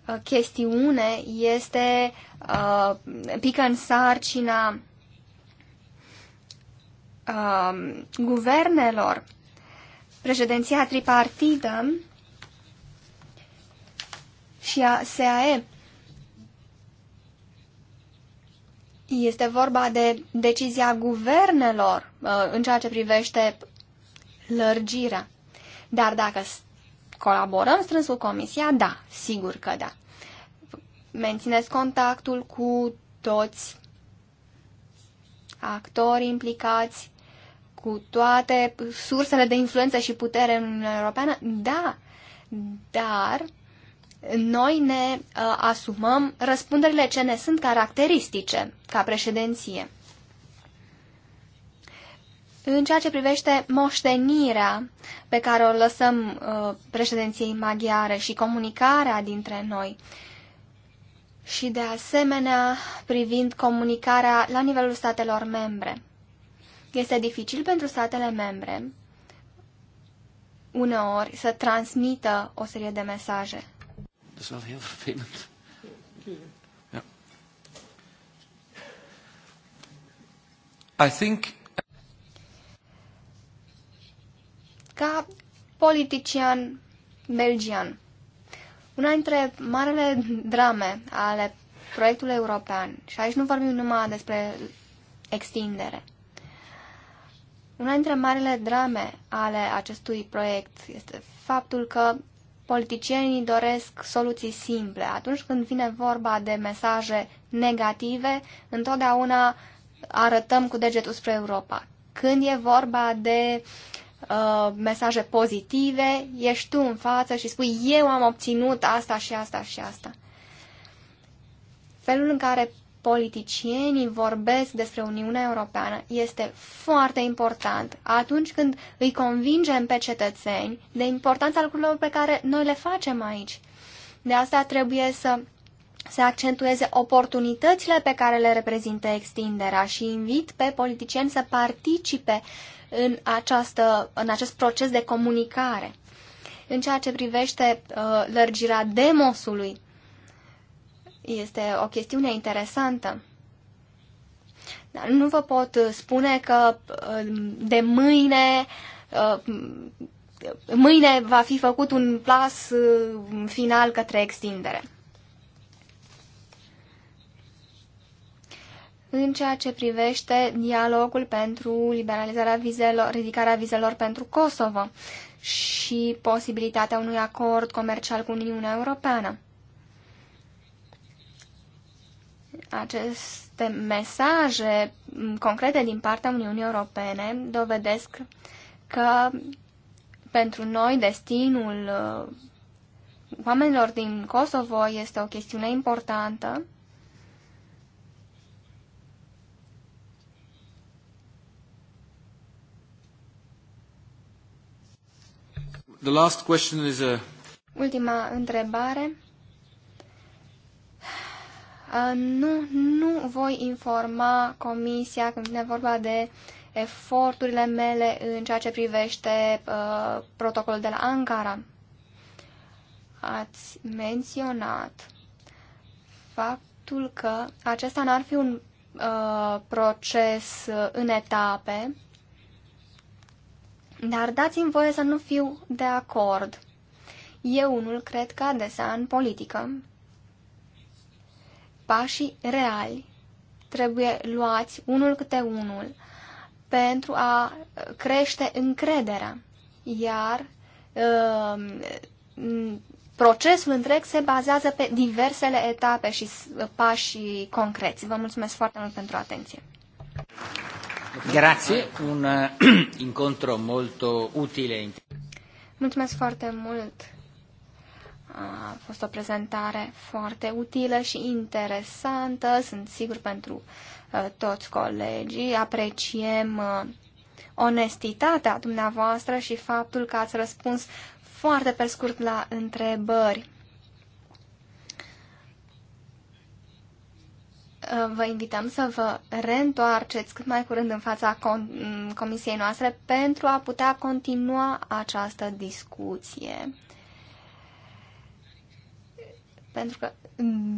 uh, chestiune este uh, pică în sarcina uh, guvernelor. Președinția tripartită și a SAE. Este vorba de decizia guvernelor uh, în ceea ce privește lărgirea. Dar dacă colaborăm strâns cu Comisia, da, sigur că da. Mențineți contactul cu toți actori implicați, cu toate sursele de influență și putere în Uniunea Europeană? Da, dar noi ne uh, asumăm răspunderile ce ne sunt caracteristice ca președinție. În ceea ce privește moștenirea pe care o lăsăm uh, președinției maghiare și comunicarea dintre noi, și de asemenea privind comunicarea la nivelul statelor membre. Este dificil pentru statele membre uneori să transmită o serie de mesaje Dat is wel heel vervelend. Ja. I think... Ca politician belgian, una dintre marele drame ale proiectului european, și aici nu vorbim numai despre extindere, una dintre marele drame ale acestui proiect este faptul că politicienii doresc soluții simple. Atunci când vine vorba de mesaje negative, întotdeauna arătăm cu degetul spre Europa. Când e vorba de uh, mesaje pozitive, ești tu în față și spui eu am obținut asta și asta și asta. Felul în care politicienii vorbesc despre Uniunea Europeană este foarte important atunci când îi convingem pe cetățeni de importanța lucrurilor pe care noi le facem aici. De asta trebuie să se accentueze oportunitățile pe care le reprezintă extinderea și invit pe politicieni să participe în, această, în acest proces de comunicare. În ceea ce privește uh, lărgirea demosului, este o chestiune interesantă. Dar nu vă pot spune că uh, de mâine uh, mâine va fi făcut un plas uh, final către extindere. În ceea ce privește dialogul pentru liberalizarea vizelor, ridicarea vizelor pentru Kosovo și posibilitatea unui acord comercial cu Uniunea Europeană. aceste mesaje concrete din partea Uniunii Europene dovedesc că pentru noi destinul uh, oamenilor din Kosovo este o chestiune importantă. The last question is a... Ultima întrebare Uh, nu, nu voi informa comisia când vine vorba de eforturile mele în ceea ce privește uh, protocolul de la Ankara. Ați menționat faptul că acesta n-ar fi un uh, proces uh, în etape, dar dați-mi voie să nu fiu de acord. Eu unul cred că adesea în politică pașii reali trebuie luați unul câte unul pentru a uh, crește încrederea, iar uh, procesul întreg se bazează pe diversele etape și uh, pași concreți. Vă mulțumesc foarte mult pentru atenție. Grazie, un *clears throat* incontro molto utile. Mulțumesc foarte mult a fost o prezentare foarte utilă și interesantă, sunt sigur pentru uh, toți colegii. Apreciem uh, onestitatea dumneavoastră și faptul că ați răspuns foarte pe scurt la întrebări. Uh, vă invităm să vă reîntoarceți cât mai curând în fața mm, comisiei noastre pentru a putea continua această discuție pentru că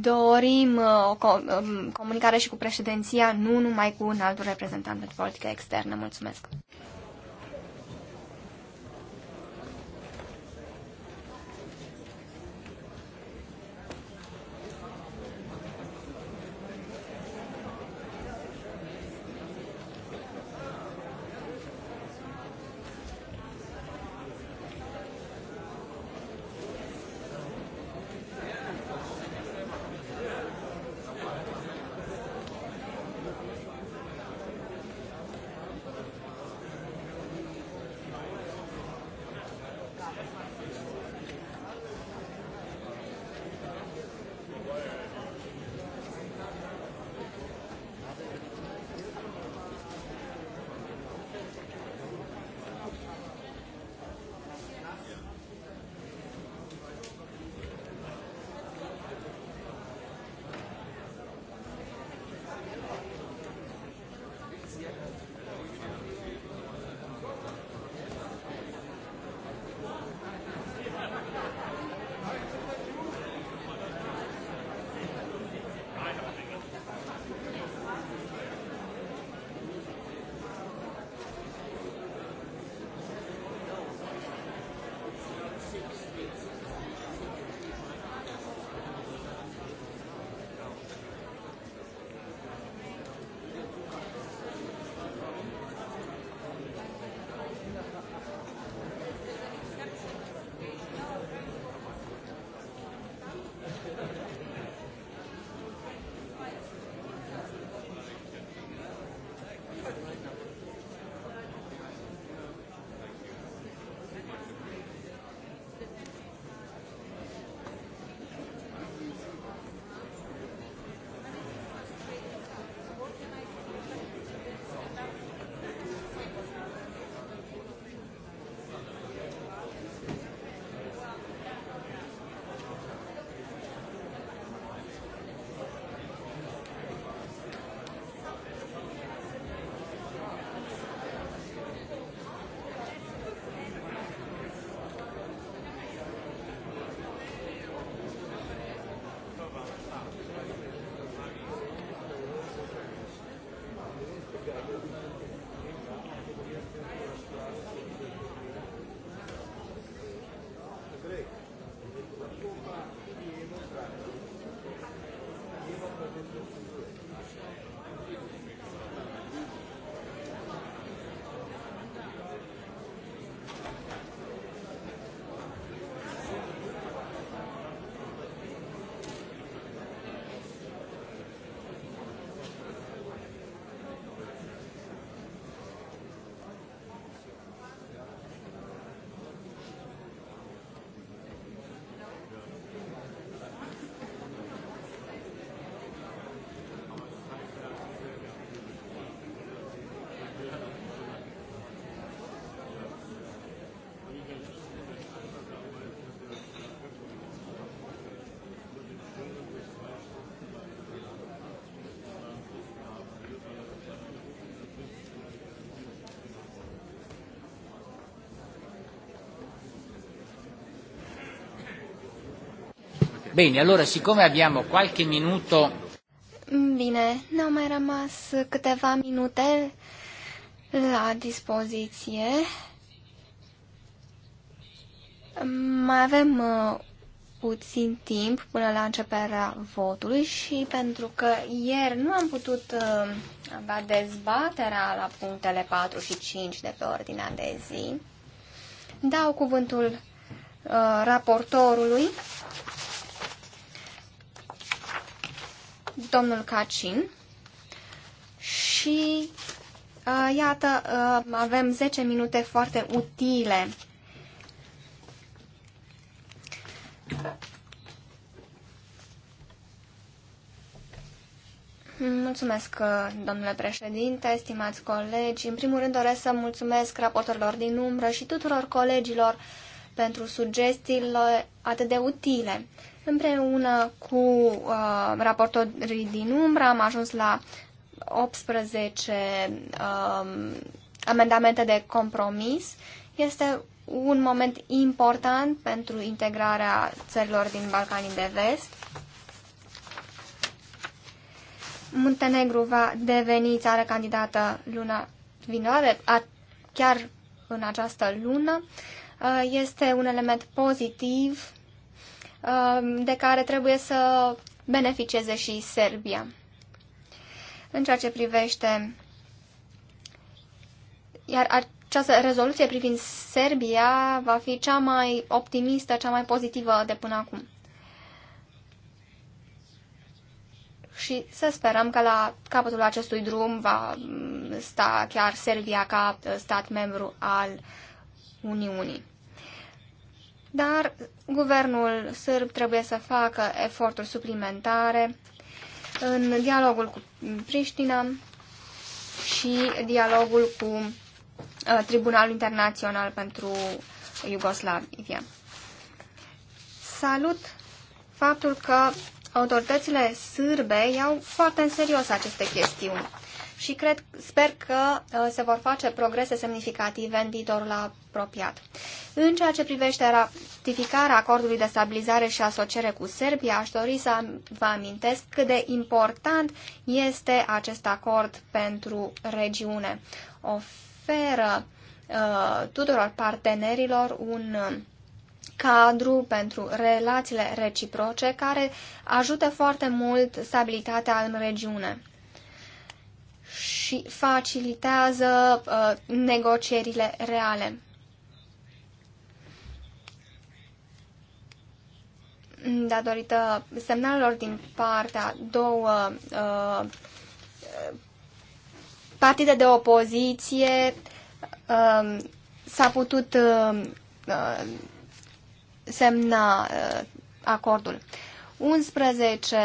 dorim uh, o um, comunicare și cu președinția, nu numai cu un alt reprezentant pentru politică externă. Mulțumesc! Bine, allora siccome abbiamo qualche minuto... Bine, ne-au mai rămas câteva minute la dispoziție. Mai avem uh, puțin timp până la începerea votului și pentru că ieri nu am putut uh, avea dezbaterea la punctele 4 și 5 de pe ordinea de zi, dau cuvântul uh, raportorului domnul Cacin și uh, iată, uh, avem 10 minute foarte utile. Mulțumesc, uh, domnule președinte, stimați colegi. În primul rând doresc să mulțumesc raportorilor din umbră și tuturor colegilor pentru sugestiile atât de utile. Împreună cu uh, raportorii din umbră am ajuns la 18 uh, um, amendamente de compromis. Este un moment important pentru integrarea țărilor din Balcanii de Vest. Muntenegru va deveni țară candidată luna viitoare, chiar în această lună. Uh, este un element pozitiv Um, de care trebuie să beneficieze și Serbia. În ceea ce privește iar această rezoluție privind Serbia va fi cea mai optimistă, cea mai pozitivă de până acum. Și să sperăm că la capătul acestui drum va sta chiar Serbia ca stat membru al Uniunii dar guvernul sârb trebuie să facă eforturi suplimentare în dialogul cu Priștina și dialogul cu uh, Tribunalul Internațional pentru Iugoslavia. Salut faptul că autoritățile sârbe iau foarte în serios aceste chestiuni și cred, sper că uh, se vor face progrese semnificative în viitorul apropiat. În ceea ce privește ratificarea acordului de stabilizare și asociere cu Serbia, aș dori să vă amintesc cât de important este acest acord pentru regiune. Oferă uh, tuturor partenerilor un uh, cadru pentru relațiile reciproce care ajută foarte mult stabilitatea în regiune și facilitează uh, negocierile reale. Datorită semnalelor din partea două uh, partide de opoziție, uh, s-a putut um, uh, semna uh, acordul. 11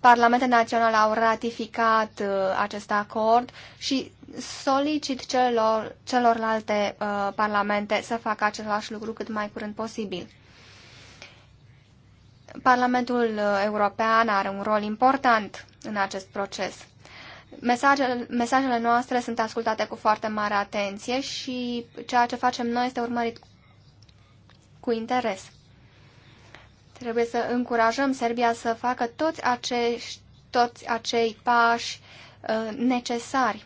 Parlamentele naționale au ratificat uh, acest acord și solicit celor, celorlalte uh, parlamente să facă același lucru cât mai curând posibil. Parlamentul uh, European are un rol important în acest proces. Mesajele, mesajele noastre sunt ascultate cu foarte mare atenție și ceea ce facem noi este urmărit cu interes. Trebuie să încurajăm Serbia să facă toți, acești, toți acei pași uh, necesari.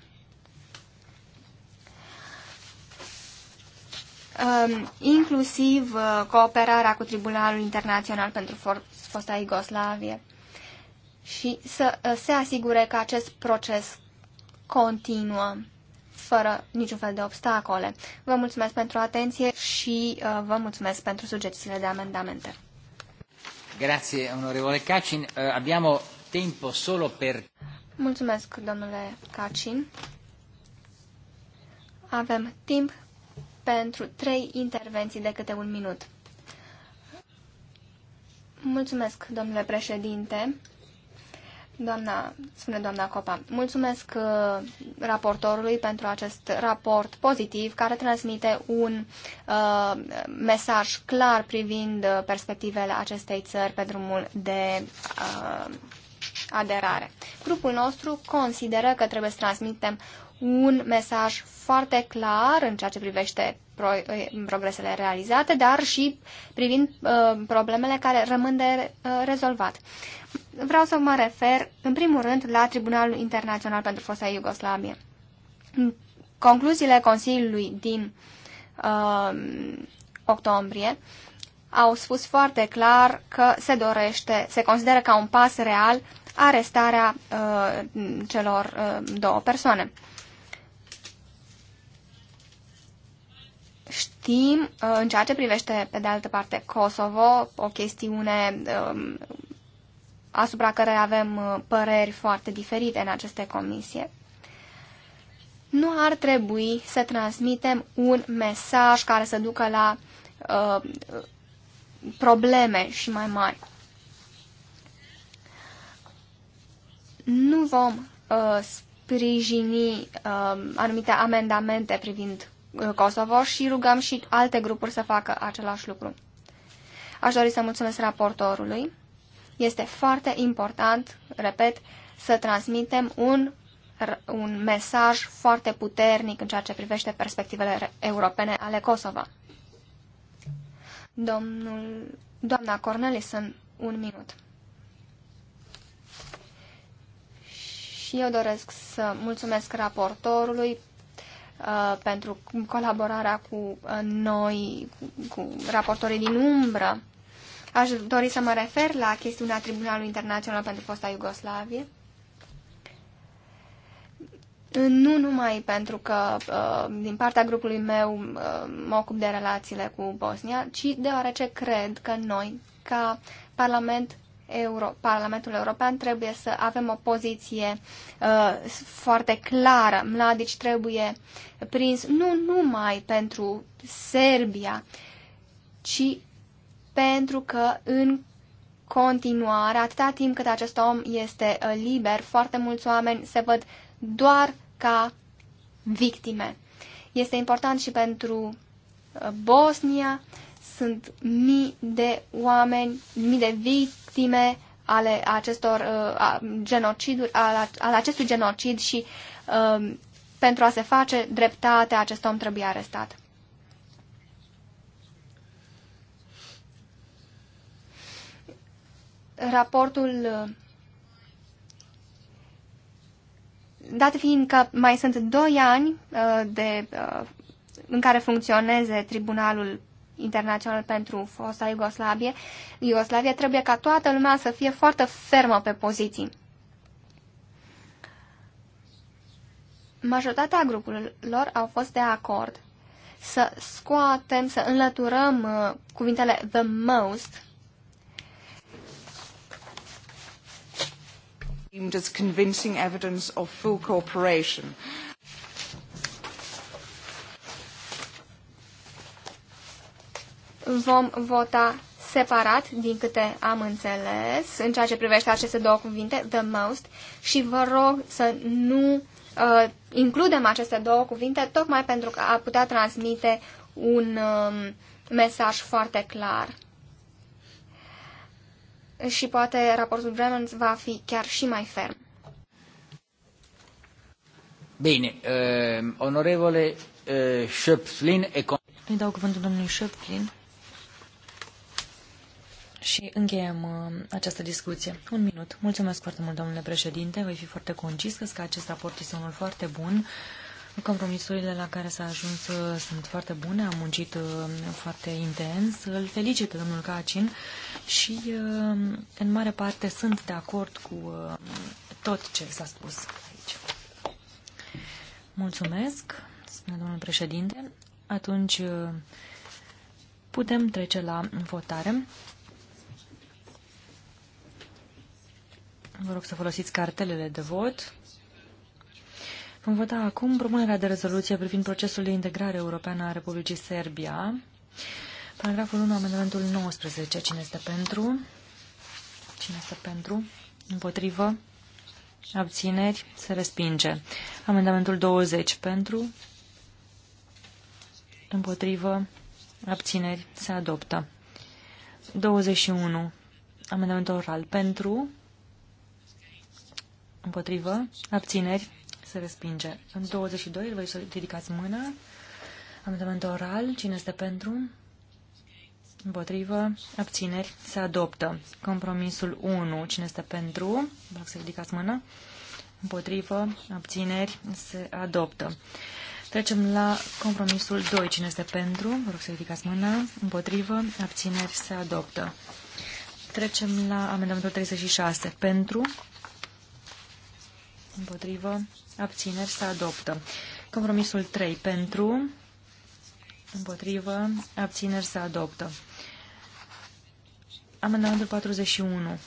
Um, inclusiv uh, cooperarea cu Tribunalul Internațional pentru fosta Iugoslavie și să uh, se asigure că acest proces continuă fără niciun fel de obstacole. Vă mulțumesc pentru atenție și uh, vă mulțumesc pentru sugestiile de amendamente. Grazie, onorevole Cacin. Eh, abbiamo tempo solo per... Mulțumesc, domnule Cacin. Avem timp pentru trei intervenții de câte un minut. Mulțumesc, domnule președinte. Doamna, spune doamna Copa, mulțumesc uh, raportorului pentru acest raport pozitiv care transmite un uh, mesaj clar privind uh, perspectivele acestei țări pe drumul de uh, aderare. Grupul nostru consideră că trebuie să transmitem un mesaj foarte clar în ceea ce privește eh, progresele realizate, dar și privind uh, problemele care rămân de uh, rezolvat vreau să mă refer, în primul rând, la Tribunalul Internațional pentru Fosta Iugoslavie. Concluziile Consiliului din uh, octombrie au spus foarte clar că se dorește, se consideră ca un pas real arestarea uh, celor uh, două persoane. Știm, uh, în ceea ce privește, pe de altă parte, Kosovo, o chestiune uh, asupra care avem uh, păreri foarte diferite în aceste comisie. Nu ar trebui să transmitem un mesaj care să ducă la uh, probleme și mai mari. Nu vom uh, sprijini uh, anumite amendamente privind uh, Kosovo și rugăm și alte grupuri să facă același lucru. Aș dori să mulțumesc raportorului este foarte important, repet, să transmitem un, un mesaj foarte puternic în ceea ce privește perspectivele europene ale Kosova. Domnul, doamna Cornelison, un minut. Și eu doresc să mulțumesc raportorului uh, pentru colaborarea cu uh, noi, cu raportorii din umbră. Aș dori să mă refer la chestiunea Tribunalului Internațional pentru fosta Iugoslavie. Nu numai pentru că uh, din partea grupului meu uh, mă ocup de relațiile cu Bosnia, ci deoarece cred că noi, ca Parlament Euro, Parlamentul European, trebuie să avem o poziție uh, foarte clară. Mladici trebuie prins nu numai pentru Serbia, ci pentru că în continuare, atâta timp cât acest om este uh, liber, foarte mulți oameni se văd doar ca victime. Este important și pentru uh, Bosnia, sunt mii de oameni, mii de victime ale acestor uh, genociduri, al, al acestui genocid și uh, pentru a se face dreptate, acest om trebuie arestat. raportul dat fiind că mai sunt doi ani uh, de, uh, în care funcționeze Tribunalul Internațional pentru fosta Iugoslavie, Iugoslavia trebuie ca toată lumea să fie foarte fermă pe poziții. Majoritatea grupurilor au fost de acord să scoatem, să înlăturăm uh, cuvintele the most deemed as convincing evidence of full cooperation. Vom vota separat, din câte am înțeles, în ceea ce privește aceste două cuvinte, the most, și vă rog să nu uh, includem aceste două cuvinte, tocmai pentru că a putea transmite un uh, mesaj foarte clar și poate raportul Bremens va fi chiar și mai ferm. Bine, uh, onorevole uh, ehm, Șöpflin... Îi dau cuvântul domnului Șöpflin și încheiem uh, această discuție. Un minut. Mulțumesc foarte mult, domnule președinte. Voi fi foarte concis că acest raport este unul foarte bun. Uh, Compromisurile la care s-a ajuns uh, sunt foarte bune, am muncit uh, foarte intens. Îl felicit domnul Cacin și uh, în mare parte sunt de acord cu tot ce s-a spus aici. Mulțumesc, spune domnul președinte. Atunci putem trece la votare. Vă rog să folosiți cartelele de vot. Vom vota acum propunerea de rezoluție privind procesul de integrare europeană a Republicii Serbia. Paragraful 1, amendamentul 19. Cine este pentru? Cine este pentru? Împotrivă? Abțineri? Se respinge. Amendamentul 20. Pentru? Împotrivă? Abțineri? Se adoptă. 21. Amendamentul oral. Pentru? Împotrivă? Abțineri? se respinge. În 22, voi să ridicați mâna. Amendament oral, cine este pentru? Împotrivă, abțineri, se adoptă. Compromisul 1, cine este pentru? Vă să ridicați mâna. Împotrivă, abțineri, se adoptă. Trecem la compromisul 2. Cine este pentru? Vă rog să ridicați mâna. Împotrivă, abțineri, se adoptă. Trecem la amendamentul 36. Pentru, împotrivă, abțineri se adoptă. Compromisul 3 pentru, împotrivă, abțineri se adoptă. Amendamentul 41.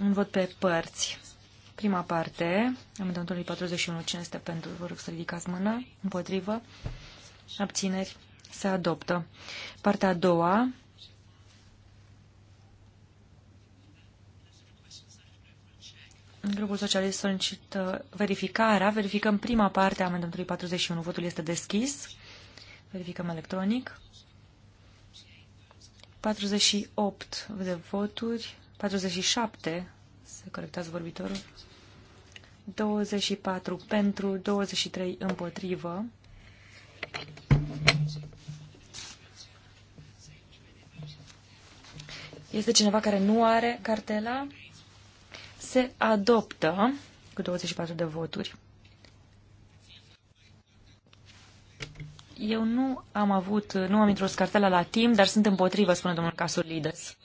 Un vot pe părți. Prima parte, amendamentul 41, cine este pentru, vă rog să ridicați mâna, împotrivă, abțineri, se adoptă. Partea a doua, Grupul Socialist solicită verificarea. Verificăm prima parte a amendamentului 41. Votul este deschis. Verificăm electronic. 48 de voturi. 47. Se corectează vorbitorul. 24 pentru, 23 împotrivă. Este cineva care nu are cartela? se adoptă cu 24 de voturi. Eu nu am avut, nu am introdus cartela la timp, dar sunt împotrivă, spune domnul Casulides.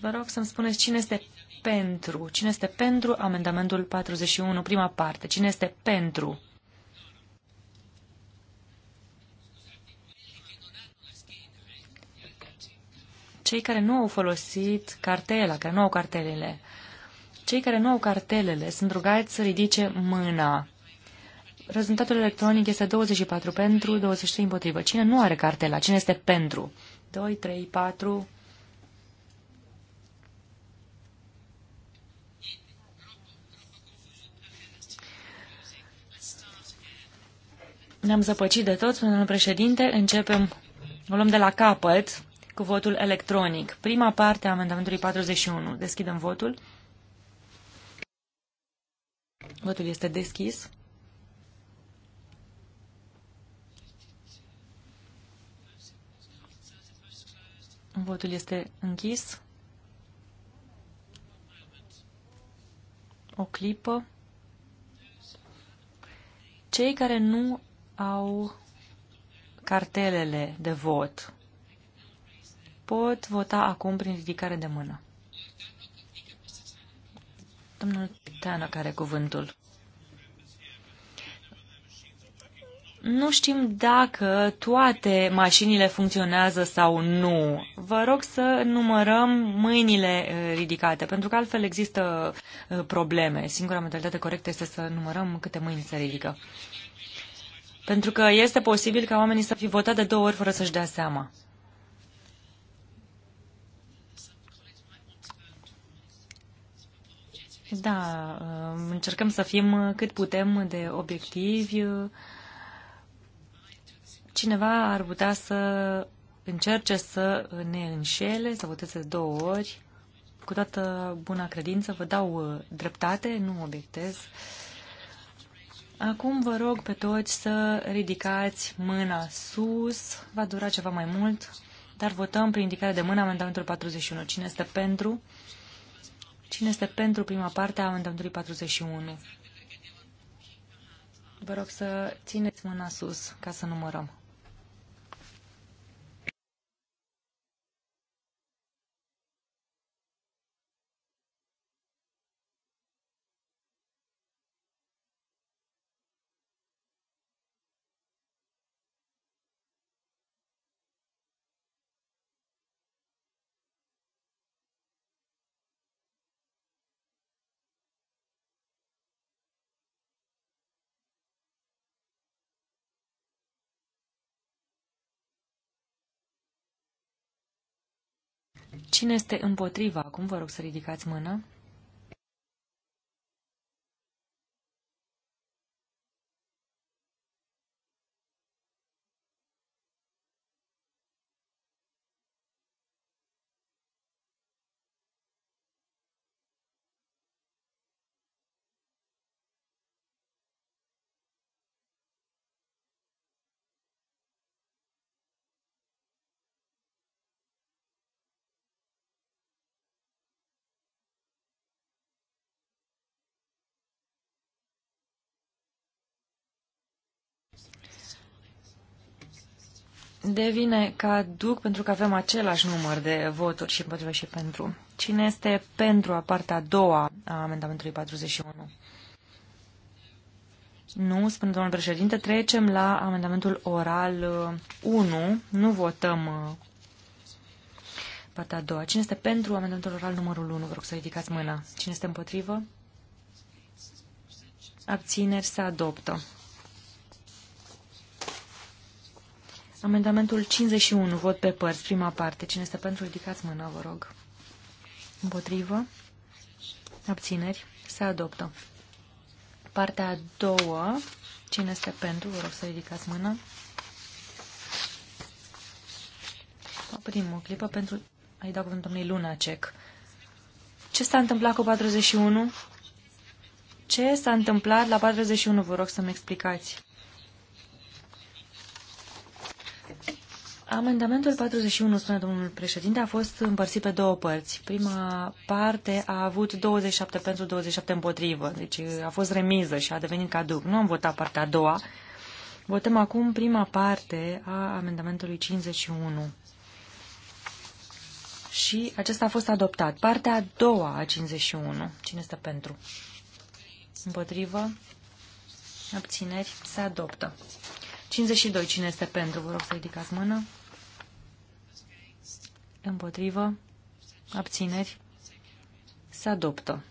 Vă rog să-mi spuneți cine este pentru. Cine este pentru amendamentul 41, prima parte? Cine este pentru? cei care nu au folosit cartela, care nu au cartelele. Cei care nu au cartelele sunt rugați să ridice mâna. Rezultatul electronic este 24 pentru, 23 împotrivă. Cine nu are cartela? Cine este pentru? 2, 3, 4... Ne-am zăpăcit de tot, domnul președinte. Începem, o luăm de la capăt cu votul electronic. Prima parte a amendamentului 41. Deschidem votul. Votul este deschis. Votul este închis. O clipă. Cei care nu au cartelele de vot pot vota acum prin ridicare de mână. Domnul Teană care cuvântul. Nu știm dacă toate mașinile funcționează sau nu. Vă rog să numărăm mâinile eh, ridicate, pentru că altfel există eh, probleme. Singura modalitate corectă este să numărăm câte mâini se ridică. Pentru că este posibil ca oamenii să fi votat de două ori fără să-și dea seama. Da, um, încercăm să fim cât putem de obiectivi. Cineva ar putea să încerce să ne înșele, să voteze două ori. Cu toată buna credință vă dau uh, dreptate, nu obiectez. Acum vă rog pe toți să ridicați mâna sus. Va dura ceva mai mult, dar votăm prin indicare de mână amendamentul 41. Cine este pentru? Pentru. Cine este pentru prima parte a amendamentului 41? Vă rog să țineți mâna sus ca să numărăm. Cine este împotriva acum? Vă rog să ridicați mâna. devine caduc pentru că avem același număr de voturi și împotrivă și pentru. Cine este pentru a partea a doua a amendamentului 41? Nu, spune domnul președinte, trecem la amendamentul oral 1. Uh, nu votăm uh, partea a doua. Cine este pentru amendamentul oral numărul 1? Vă rog să ridicați mâna. Cine este împotrivă? Abțineri se adoptă. Amendamentul 51, vot pe părți, prima parte. Cine este pentru, ridicați mâna, vă rog. Împotrivă. Abțineri. Se adoptă. Partea a doua. Cine este pentru, vă rog să ridicați mâna. Primul o clipă pentru ai dat cuvântul domnului Cec. Ce s-a întâmplat cu 41? Ce s-a întâmplat la 41? Vă rog să-mi explicați. Amendamentul 41, spune domnul președinte, a fost împărțit pe două părți. Prima parte a avut 27 pentru 27 împotrivă, deci a fost remiză și a devenit caduc. Nu am votat partea a doua. Votăm acum prima parte a amendamentului 51. Și acesta a fost adoptat. Partea a doua a 51. Cine este pentru? Împotrivă? Abțineri? Se adoptă. 52. Cine este pentru? Vă rog să ridicați mână împotrivă, abțineri, se adoptă.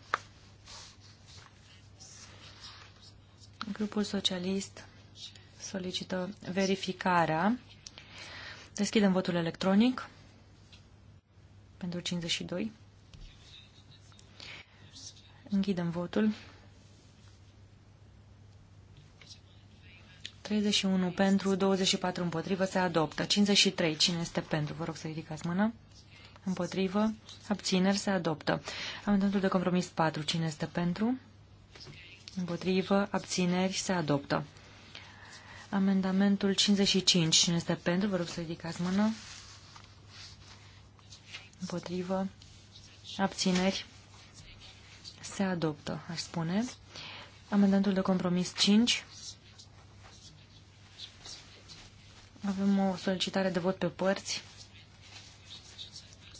Grupul socialist solicită verificarea. Deschidem votul electronic pentru 52. Închidem votul. 31 pentru, 24 împotrivă, se adoptă. 53, cine este pentru? Vă rog să ridicați mâna. Împotrivă, abțineri, se adoptă. Amendamentul de compromis 4, cine este pentru? Împotrivă, abțineri, se adoptă. Amendamentul 55, cine este pentru? Vă rog să ridicați mâna. Împotrivă, abțineri, se adoptă, aș spune. Amendamentul de compromis 5, Avem o solicitare de vot pe părți.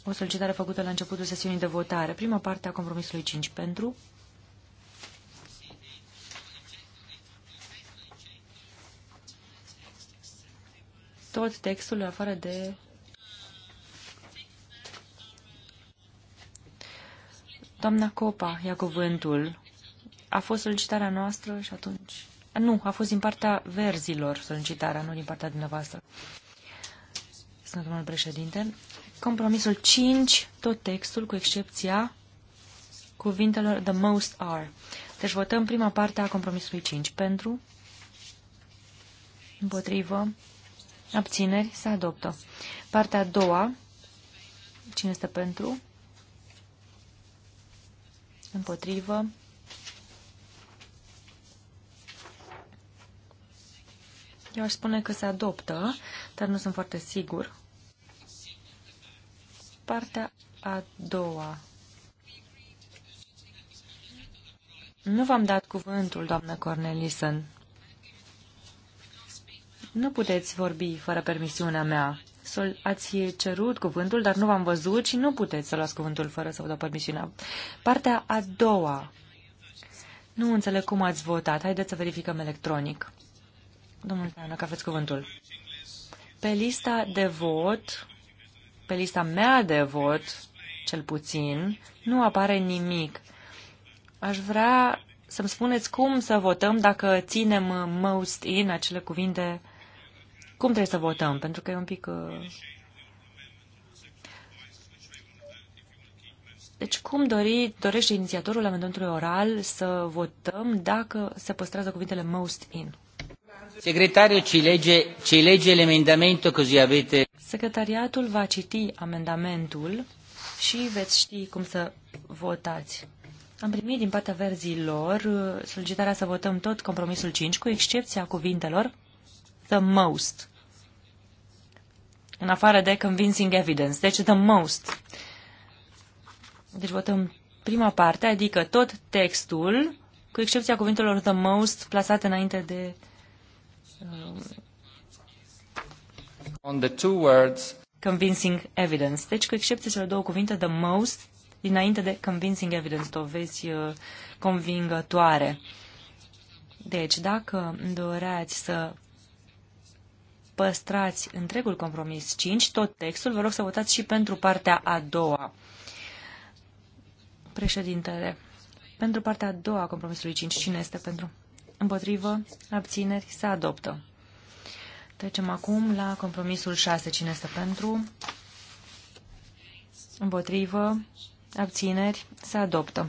O solicitare făcută la începutul sesiunii de votare. Prima parte a compromisului 5 pentru. Tot textul, afară de Doamna Copa ia cuvântul. A fost solicitarea noastră și atunci... Nu, a fost din partea verzilor solicitarea, nu din partea dumneavoastră. Sunt domnul președinte. Compromisul 5, tot textul, cu excepția cuvintelor the most are. Deci votăm prima parte a compromisului 5. Pentru, împotrivă, abțineri, se adoptă. Partea a doua, cine este pentru, împotrivă, Eu aș spune că se adoptă, dar nu sunt foarte sigur. Partea a doua. Nu v-am dat cuvântul, doamnă Cornelison. Nu puteți vorbi fără permisiunea mea. Ați cerut cuvântul, dar nu v-am văzut și nu puteți să luați cuvântul fără să vă dau permisiunea. Partea a doua. Nu înțeleg cum ați votat. Haideți să verificăm electronic. Domnul Teană, că aveți cuvântul. Pe lista de vot, pe lista mea de vot, cel puțin, nu apare nimic. Aș vrea să-mi spuneți cum să votăm dacă ținem most in acele cuvinte. Cum trebuie să votăm? Pentru că e un pic... Uh, deci cum dori, dorește inițiatorul amendamentului oral să votăm dacă se păstrează cuvintele most in? Secretariu, ci lege, ci lege l'emendamento così avete... Secretariatul va citi amendamentul și veți ști cum să votați. Am primit din partea lor uh, solicitarea să votăm tot compromisul 5, cu excepția cuvintelor the most. În afară de convincing evidence, deci the most. Deci votăm prima parte, adică tot textul, cu excepția cuvintelor the most plasate înainte de Um, on the two words, convincing evidence. Deci cu excepție cele două cuvinte, the most, dinainte de convincing evidence, dovezi uh, convingătoare. Deci, dacă doreați să păstrați întregul compromis 5, tot textul, vă rog să votați și pentru partea a doua. Președintele, pentru partea a doua a compromisului 5, cine este pentru? împotrivă, abțineri, se adoptă. Trecem acum la compromisul 6. Cine este pentru? Împotrivă, abțineri, se adoptă.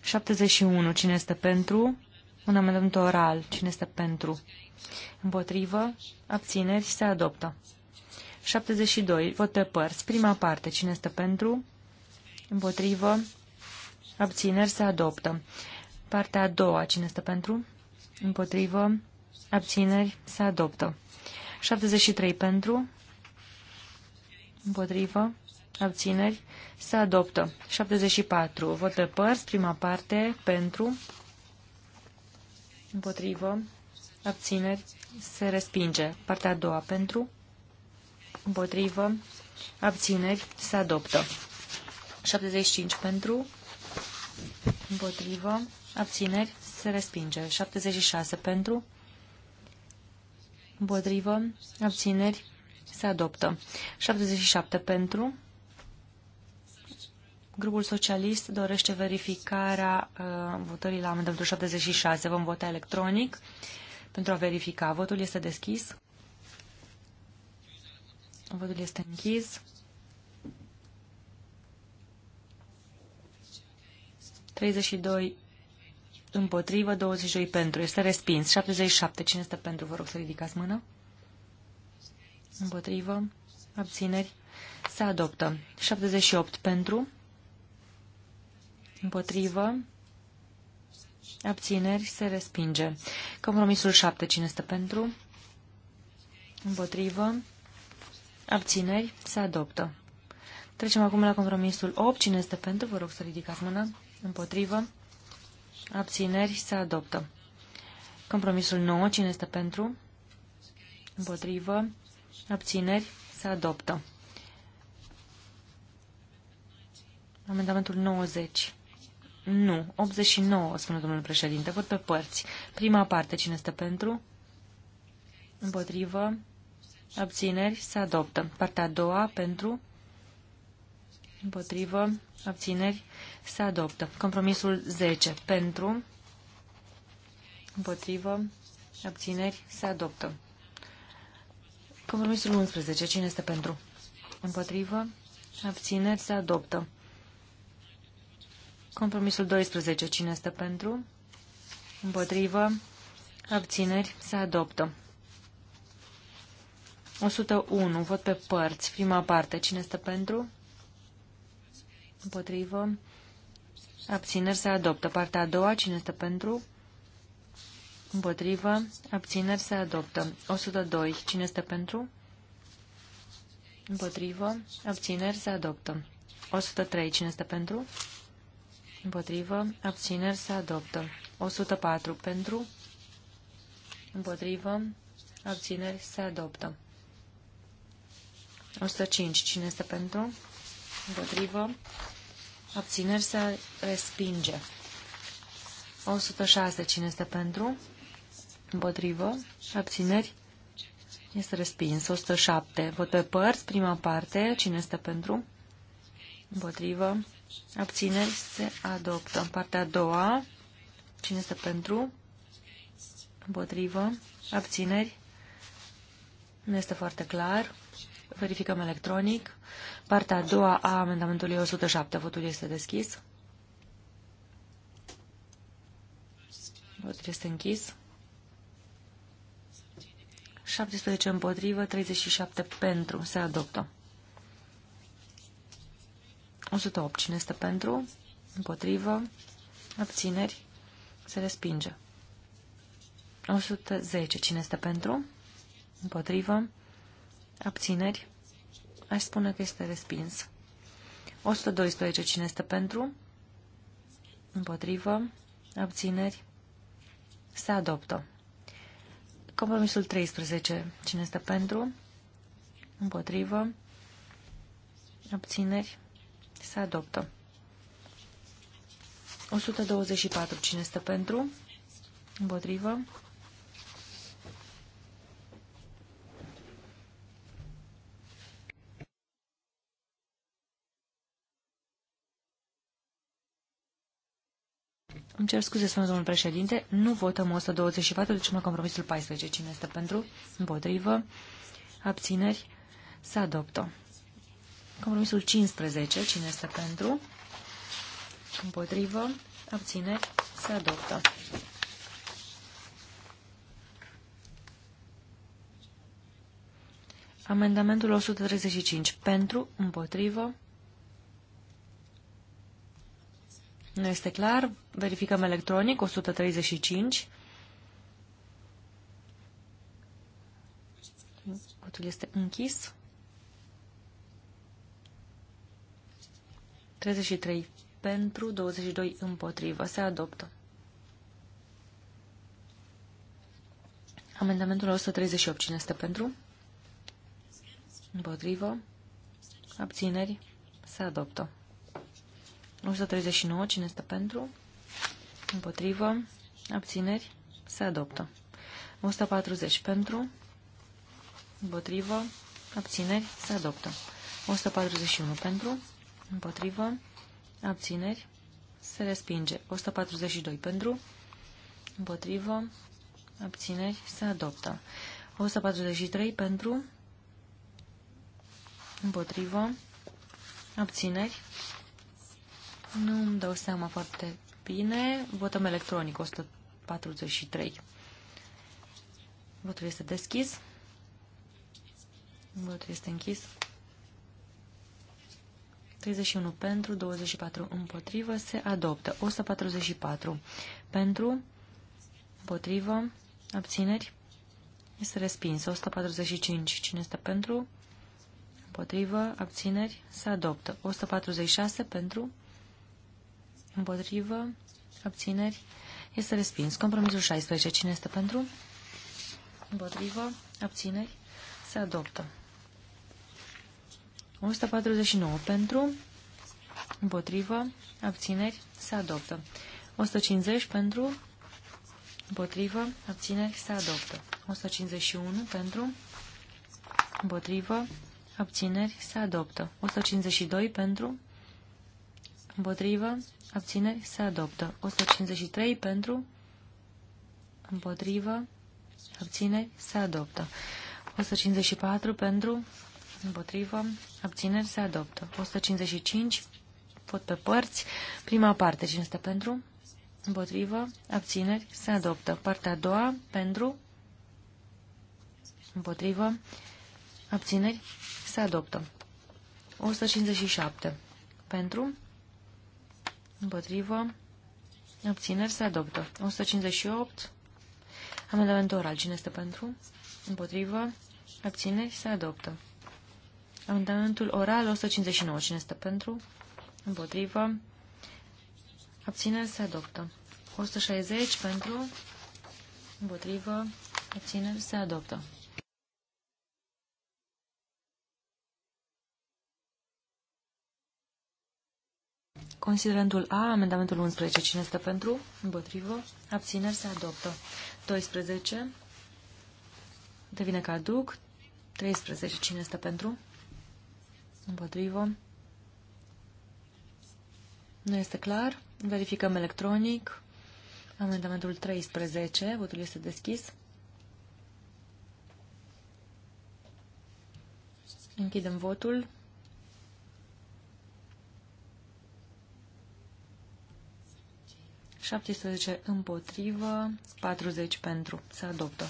71. Cine este pentru? Un amendament oral. Cine este pentru? Împotrivă, abțineri, se adoptă. 72. Vot pe părți. Prima parte. Cine este pentru? Împotrivă, abțineri, se adoptă. Partea a doua, cine stă pentru? Împotrivă. Abțineri. Se adoptă. 73 pentru. Împotrivă. Abțineri. Se adoptă. 74. Vot pe părți. Prima parte. Pentru. Împotrivă. Abțineri. Se respinge. Partea a doua. Pentru. Împotrivă. Abțineri. Se adoptă. 75 pentru. Împotrivă abțineri, se respinge. 76 pentru, împotrivă, abțineri, se adoptă. 77 pentru, Grupul Socialist dorește verificarea uh, votării la amendamentul 76. Vom vota electronic pentru a verifica. Votul este deschis. Votul este închis. 32 împotrivă, 22 pentru. Este respins. 77. Cine este pentru? Vă rog să ridicați mâna. Împotrivă. Abțineri. Se adoptă. 78 pentru. Împotrivă. Abțineri. Se respinge. Compromisul 7. Cine este pentru? Împotrivă. Abțineri. Se adoptă. Trecem acum la compromisul 8. Cine este pentru? Vă rog să ridicați mâna. Împotrivă. Abțineri se adoptă. Compromisul 9. Cine este pentru? Împotrivă. Abțineri se adoptă. Amendamentul 90. Nu. 89, spune domnul președinte. Văd pe părți. Prima parte. Cine este pentru? Împotrivă. Abțineri se adoptă. Partea a doua pentru? Împotrivă. Abțineri. Se adoptă. Compromisul 10. Pentru. Împotrivă. Abțineri. Se adoptă. Compromisul 11. Cine este pentru? Împotrivă. Abțineri. Se adoptă. Compromisul 12. Cine este pentru? Împotrivă. Abțineri. Se adoptă. 101. Vot pe părți. Prima parte. Cine este pentru? Împotrivă. Abțineri se adoptă. Partea a doua. Cine este pentru? Împotrivă. Abțineri se adoptă. 102. Cine este pentru? Împotrivă. Abțineri se adoptă. 103. Cine este pentru? Împotrivă. Abțineri se adoptă. 104. Pentru? Împotrivă. Abțineri se adoptă. 105. Cine este pentru? împotrivă, abțineri se respinge. 106. Cine este pentru? Împotrivă, abțineri este respins. 107. Vot pe părți, prima parte. Cine este pentru? Împotrivă, abțineri se adoptă. În partea a doua, cine este pentru? Împotrivă, abțineri. Nu este foarte clar. Verificăm electronic. Partea a doua a amendamentului 107. Votul este deschis. Votul este închis. 17 împotrivă, 37 pentru. Se adoptă. 108. Cine este pentru? Împotrivă. Abțineri. Se respinge. 110. Cine este pentru? Împotrivă. Abțineri. Aș spune că este respins. 112. Cine este pentru? Împotrivă. Abțineri. Se adoptă. Compromisul 13. Cine este pentru? Împotrivă. Abțineri. Se adoptă. 124. Cine este pentru? Împotrivă. Îmi cer scuze, sunt domnul președinte, nu votăm 124, deci mă compromisul 14. Cine este pentru? Împotrivă? Abțineri? să adoptă. Compromisul 15. Cine este pentru? Împotrivă? Abțineri? să adoptă. Amendamentul 135. Pentru? Împotrivă? Nu este clar. Verificăm electronic. 135. Votul este închis. 33 pentru, 22 împotrivă. Se adoptă. Amendamentul 138. Cine este pentru? Împotrivă. Abțineri. Se adoptă. 139. Cine este pentru? Împotrivă. Abțineri. Se adoptă. 140. Pentru. Împotrivă. Abțineri. Se adoptă. 141. Pentru. Împotrivă. Abțineri. Se respinge. 142. Pentru. Împotrivă. Abțineri. Se adoptă. 143. Pentru. Împotrivă. Abțineri. Nu îmi dau seama foarte bine. Votăm electronic 143. Votul este deschis. Votul este închis. 31 pentru, 24 împotrivă, se adoptă. 144 pentru, împotrivă, abțineri, este respins. 145, cine este pentru, împotrivă, abțineri, se adoptă. 146 pentru, Împotrivă. Abțineri. Este respins. Compromisul 16. Cine este pentru? Împotrivă. Abțineri. Se adoptă. 149 pentru. Împotrivă. Abțineri. Se adoptă. 150 pentru. Împotrivă. Abțineri. Se adoptă. 151 pentru. Împotrivă. Abțineri. Se adoptă. 152 pentru. Împotrivă. Abțineri. Se adoptă. 153 pentru. Împotrivă. Abțineri. Se adoptă. 154 pentru. Împotrivă. Abțineri. Se adoptă. 155. Vot pe părți. Prima parte. Cine este pentru? Împotrivă. Abțineri. Se adoptă. Partea a doua. Pentru. Împotrivă. Abțineri. Se adoptă. 157. Pentru. Împotrivă. Abțineri se adoptă. 158. Amendament oral. Cine este pentru? Împotrivă. Abțineri se adoptă. Amendamentul oral 159. Cine este pentru? Împotrivă. Abțineri se adoptă. 160 pentru. Împotrivă. Abțineri se adoptă. Considerentul A, amendamentul 11. Cine este pentru? Împotrivă. Abțineri se adoptă. 12. Devine caduc. 13. Cine este pentru? Împotrivă. Nu este clar. Verificăm electronic. Amendamentul 13. Votul este deschis. Închidem votul. 17 împotrivă, 40 pentru. Se adoptă.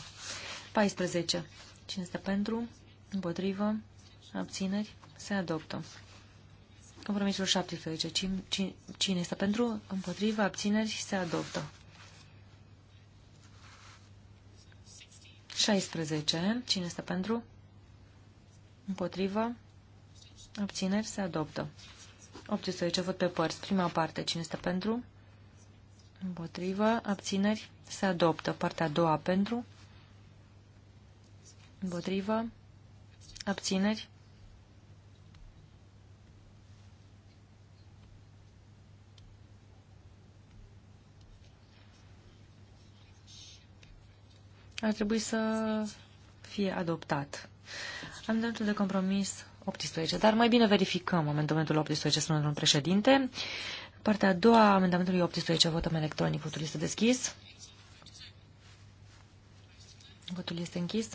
14. Cine pentru? Împotrivă? Abțineri? Se adoptă. Compromisul 17. Cine este pentru? Împotrivă? Abțineri? Se adoptă. 16. Cine este pentru? Împotrivă? Abțineri? Se adoptă. 18. Vot pe părți. Prima parte. Cine este pentru? Împotrivă. Abțineri. Se adoptă. Partea a doua pentru. Împotrivă. Abțineri. Ar trebui să fie adoptat. Am dreptul de compromis 18, dar mai bine verificăm amendamentul 18, spune domnul președinte. Partea a doua a amendamentului 18, votăm electronic. Votul este deschis. Votul este închis.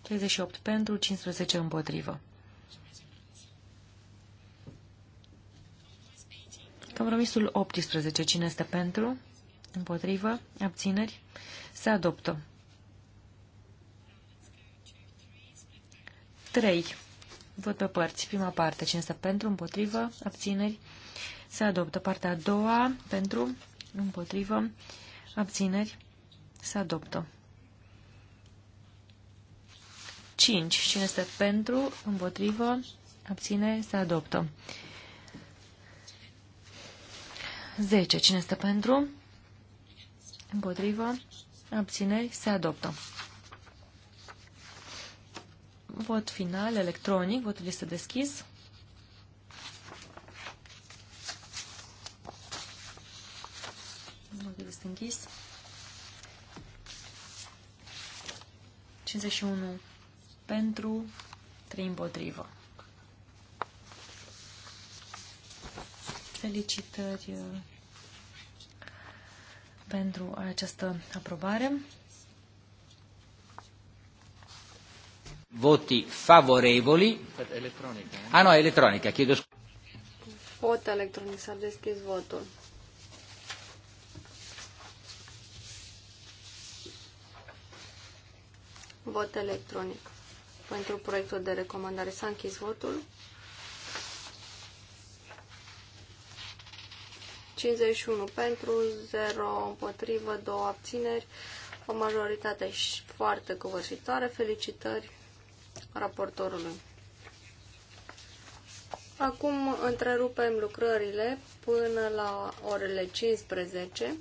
38 pentru, 15 împotrivă. Compromisul 18. Cine este pentru? Împotrivă? Abțineri? Se adoptă. 3. Vot pe părți. Prima parte. Cine este pentru, împotrivă, abțineri. Se adoptă. Partea a doua. Pentru, împotrivă, abțineri. Se adoptă. 5. Cine este pentru, împotrivă, abține, se adoptă. 10. Cine este pentru, împotrivă, abține, se adoptă. Vot final, electronic. Votul este deschis. Votul este închis. 51 pentru, 3 împotrivă. Felicitări uh, pentru această aprobare. Voti favorevoli. Electronică. Ah, no, electronica. chiedo scuze. Vot electronic, s-a deschis votul. Vot electronic. Pentru proiectul de recomandare s-a închis votul. 51 pentru, 0 împotrivă, 2 abțineri, o majoritate foarte covârșitoare. Felicitări raportorului. Acum întrerupem lucrările până la orele 15,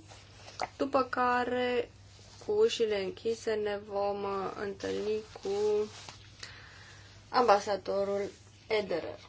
după care cu ușile închise ne vom întâlni cu ambasadorul Ederer.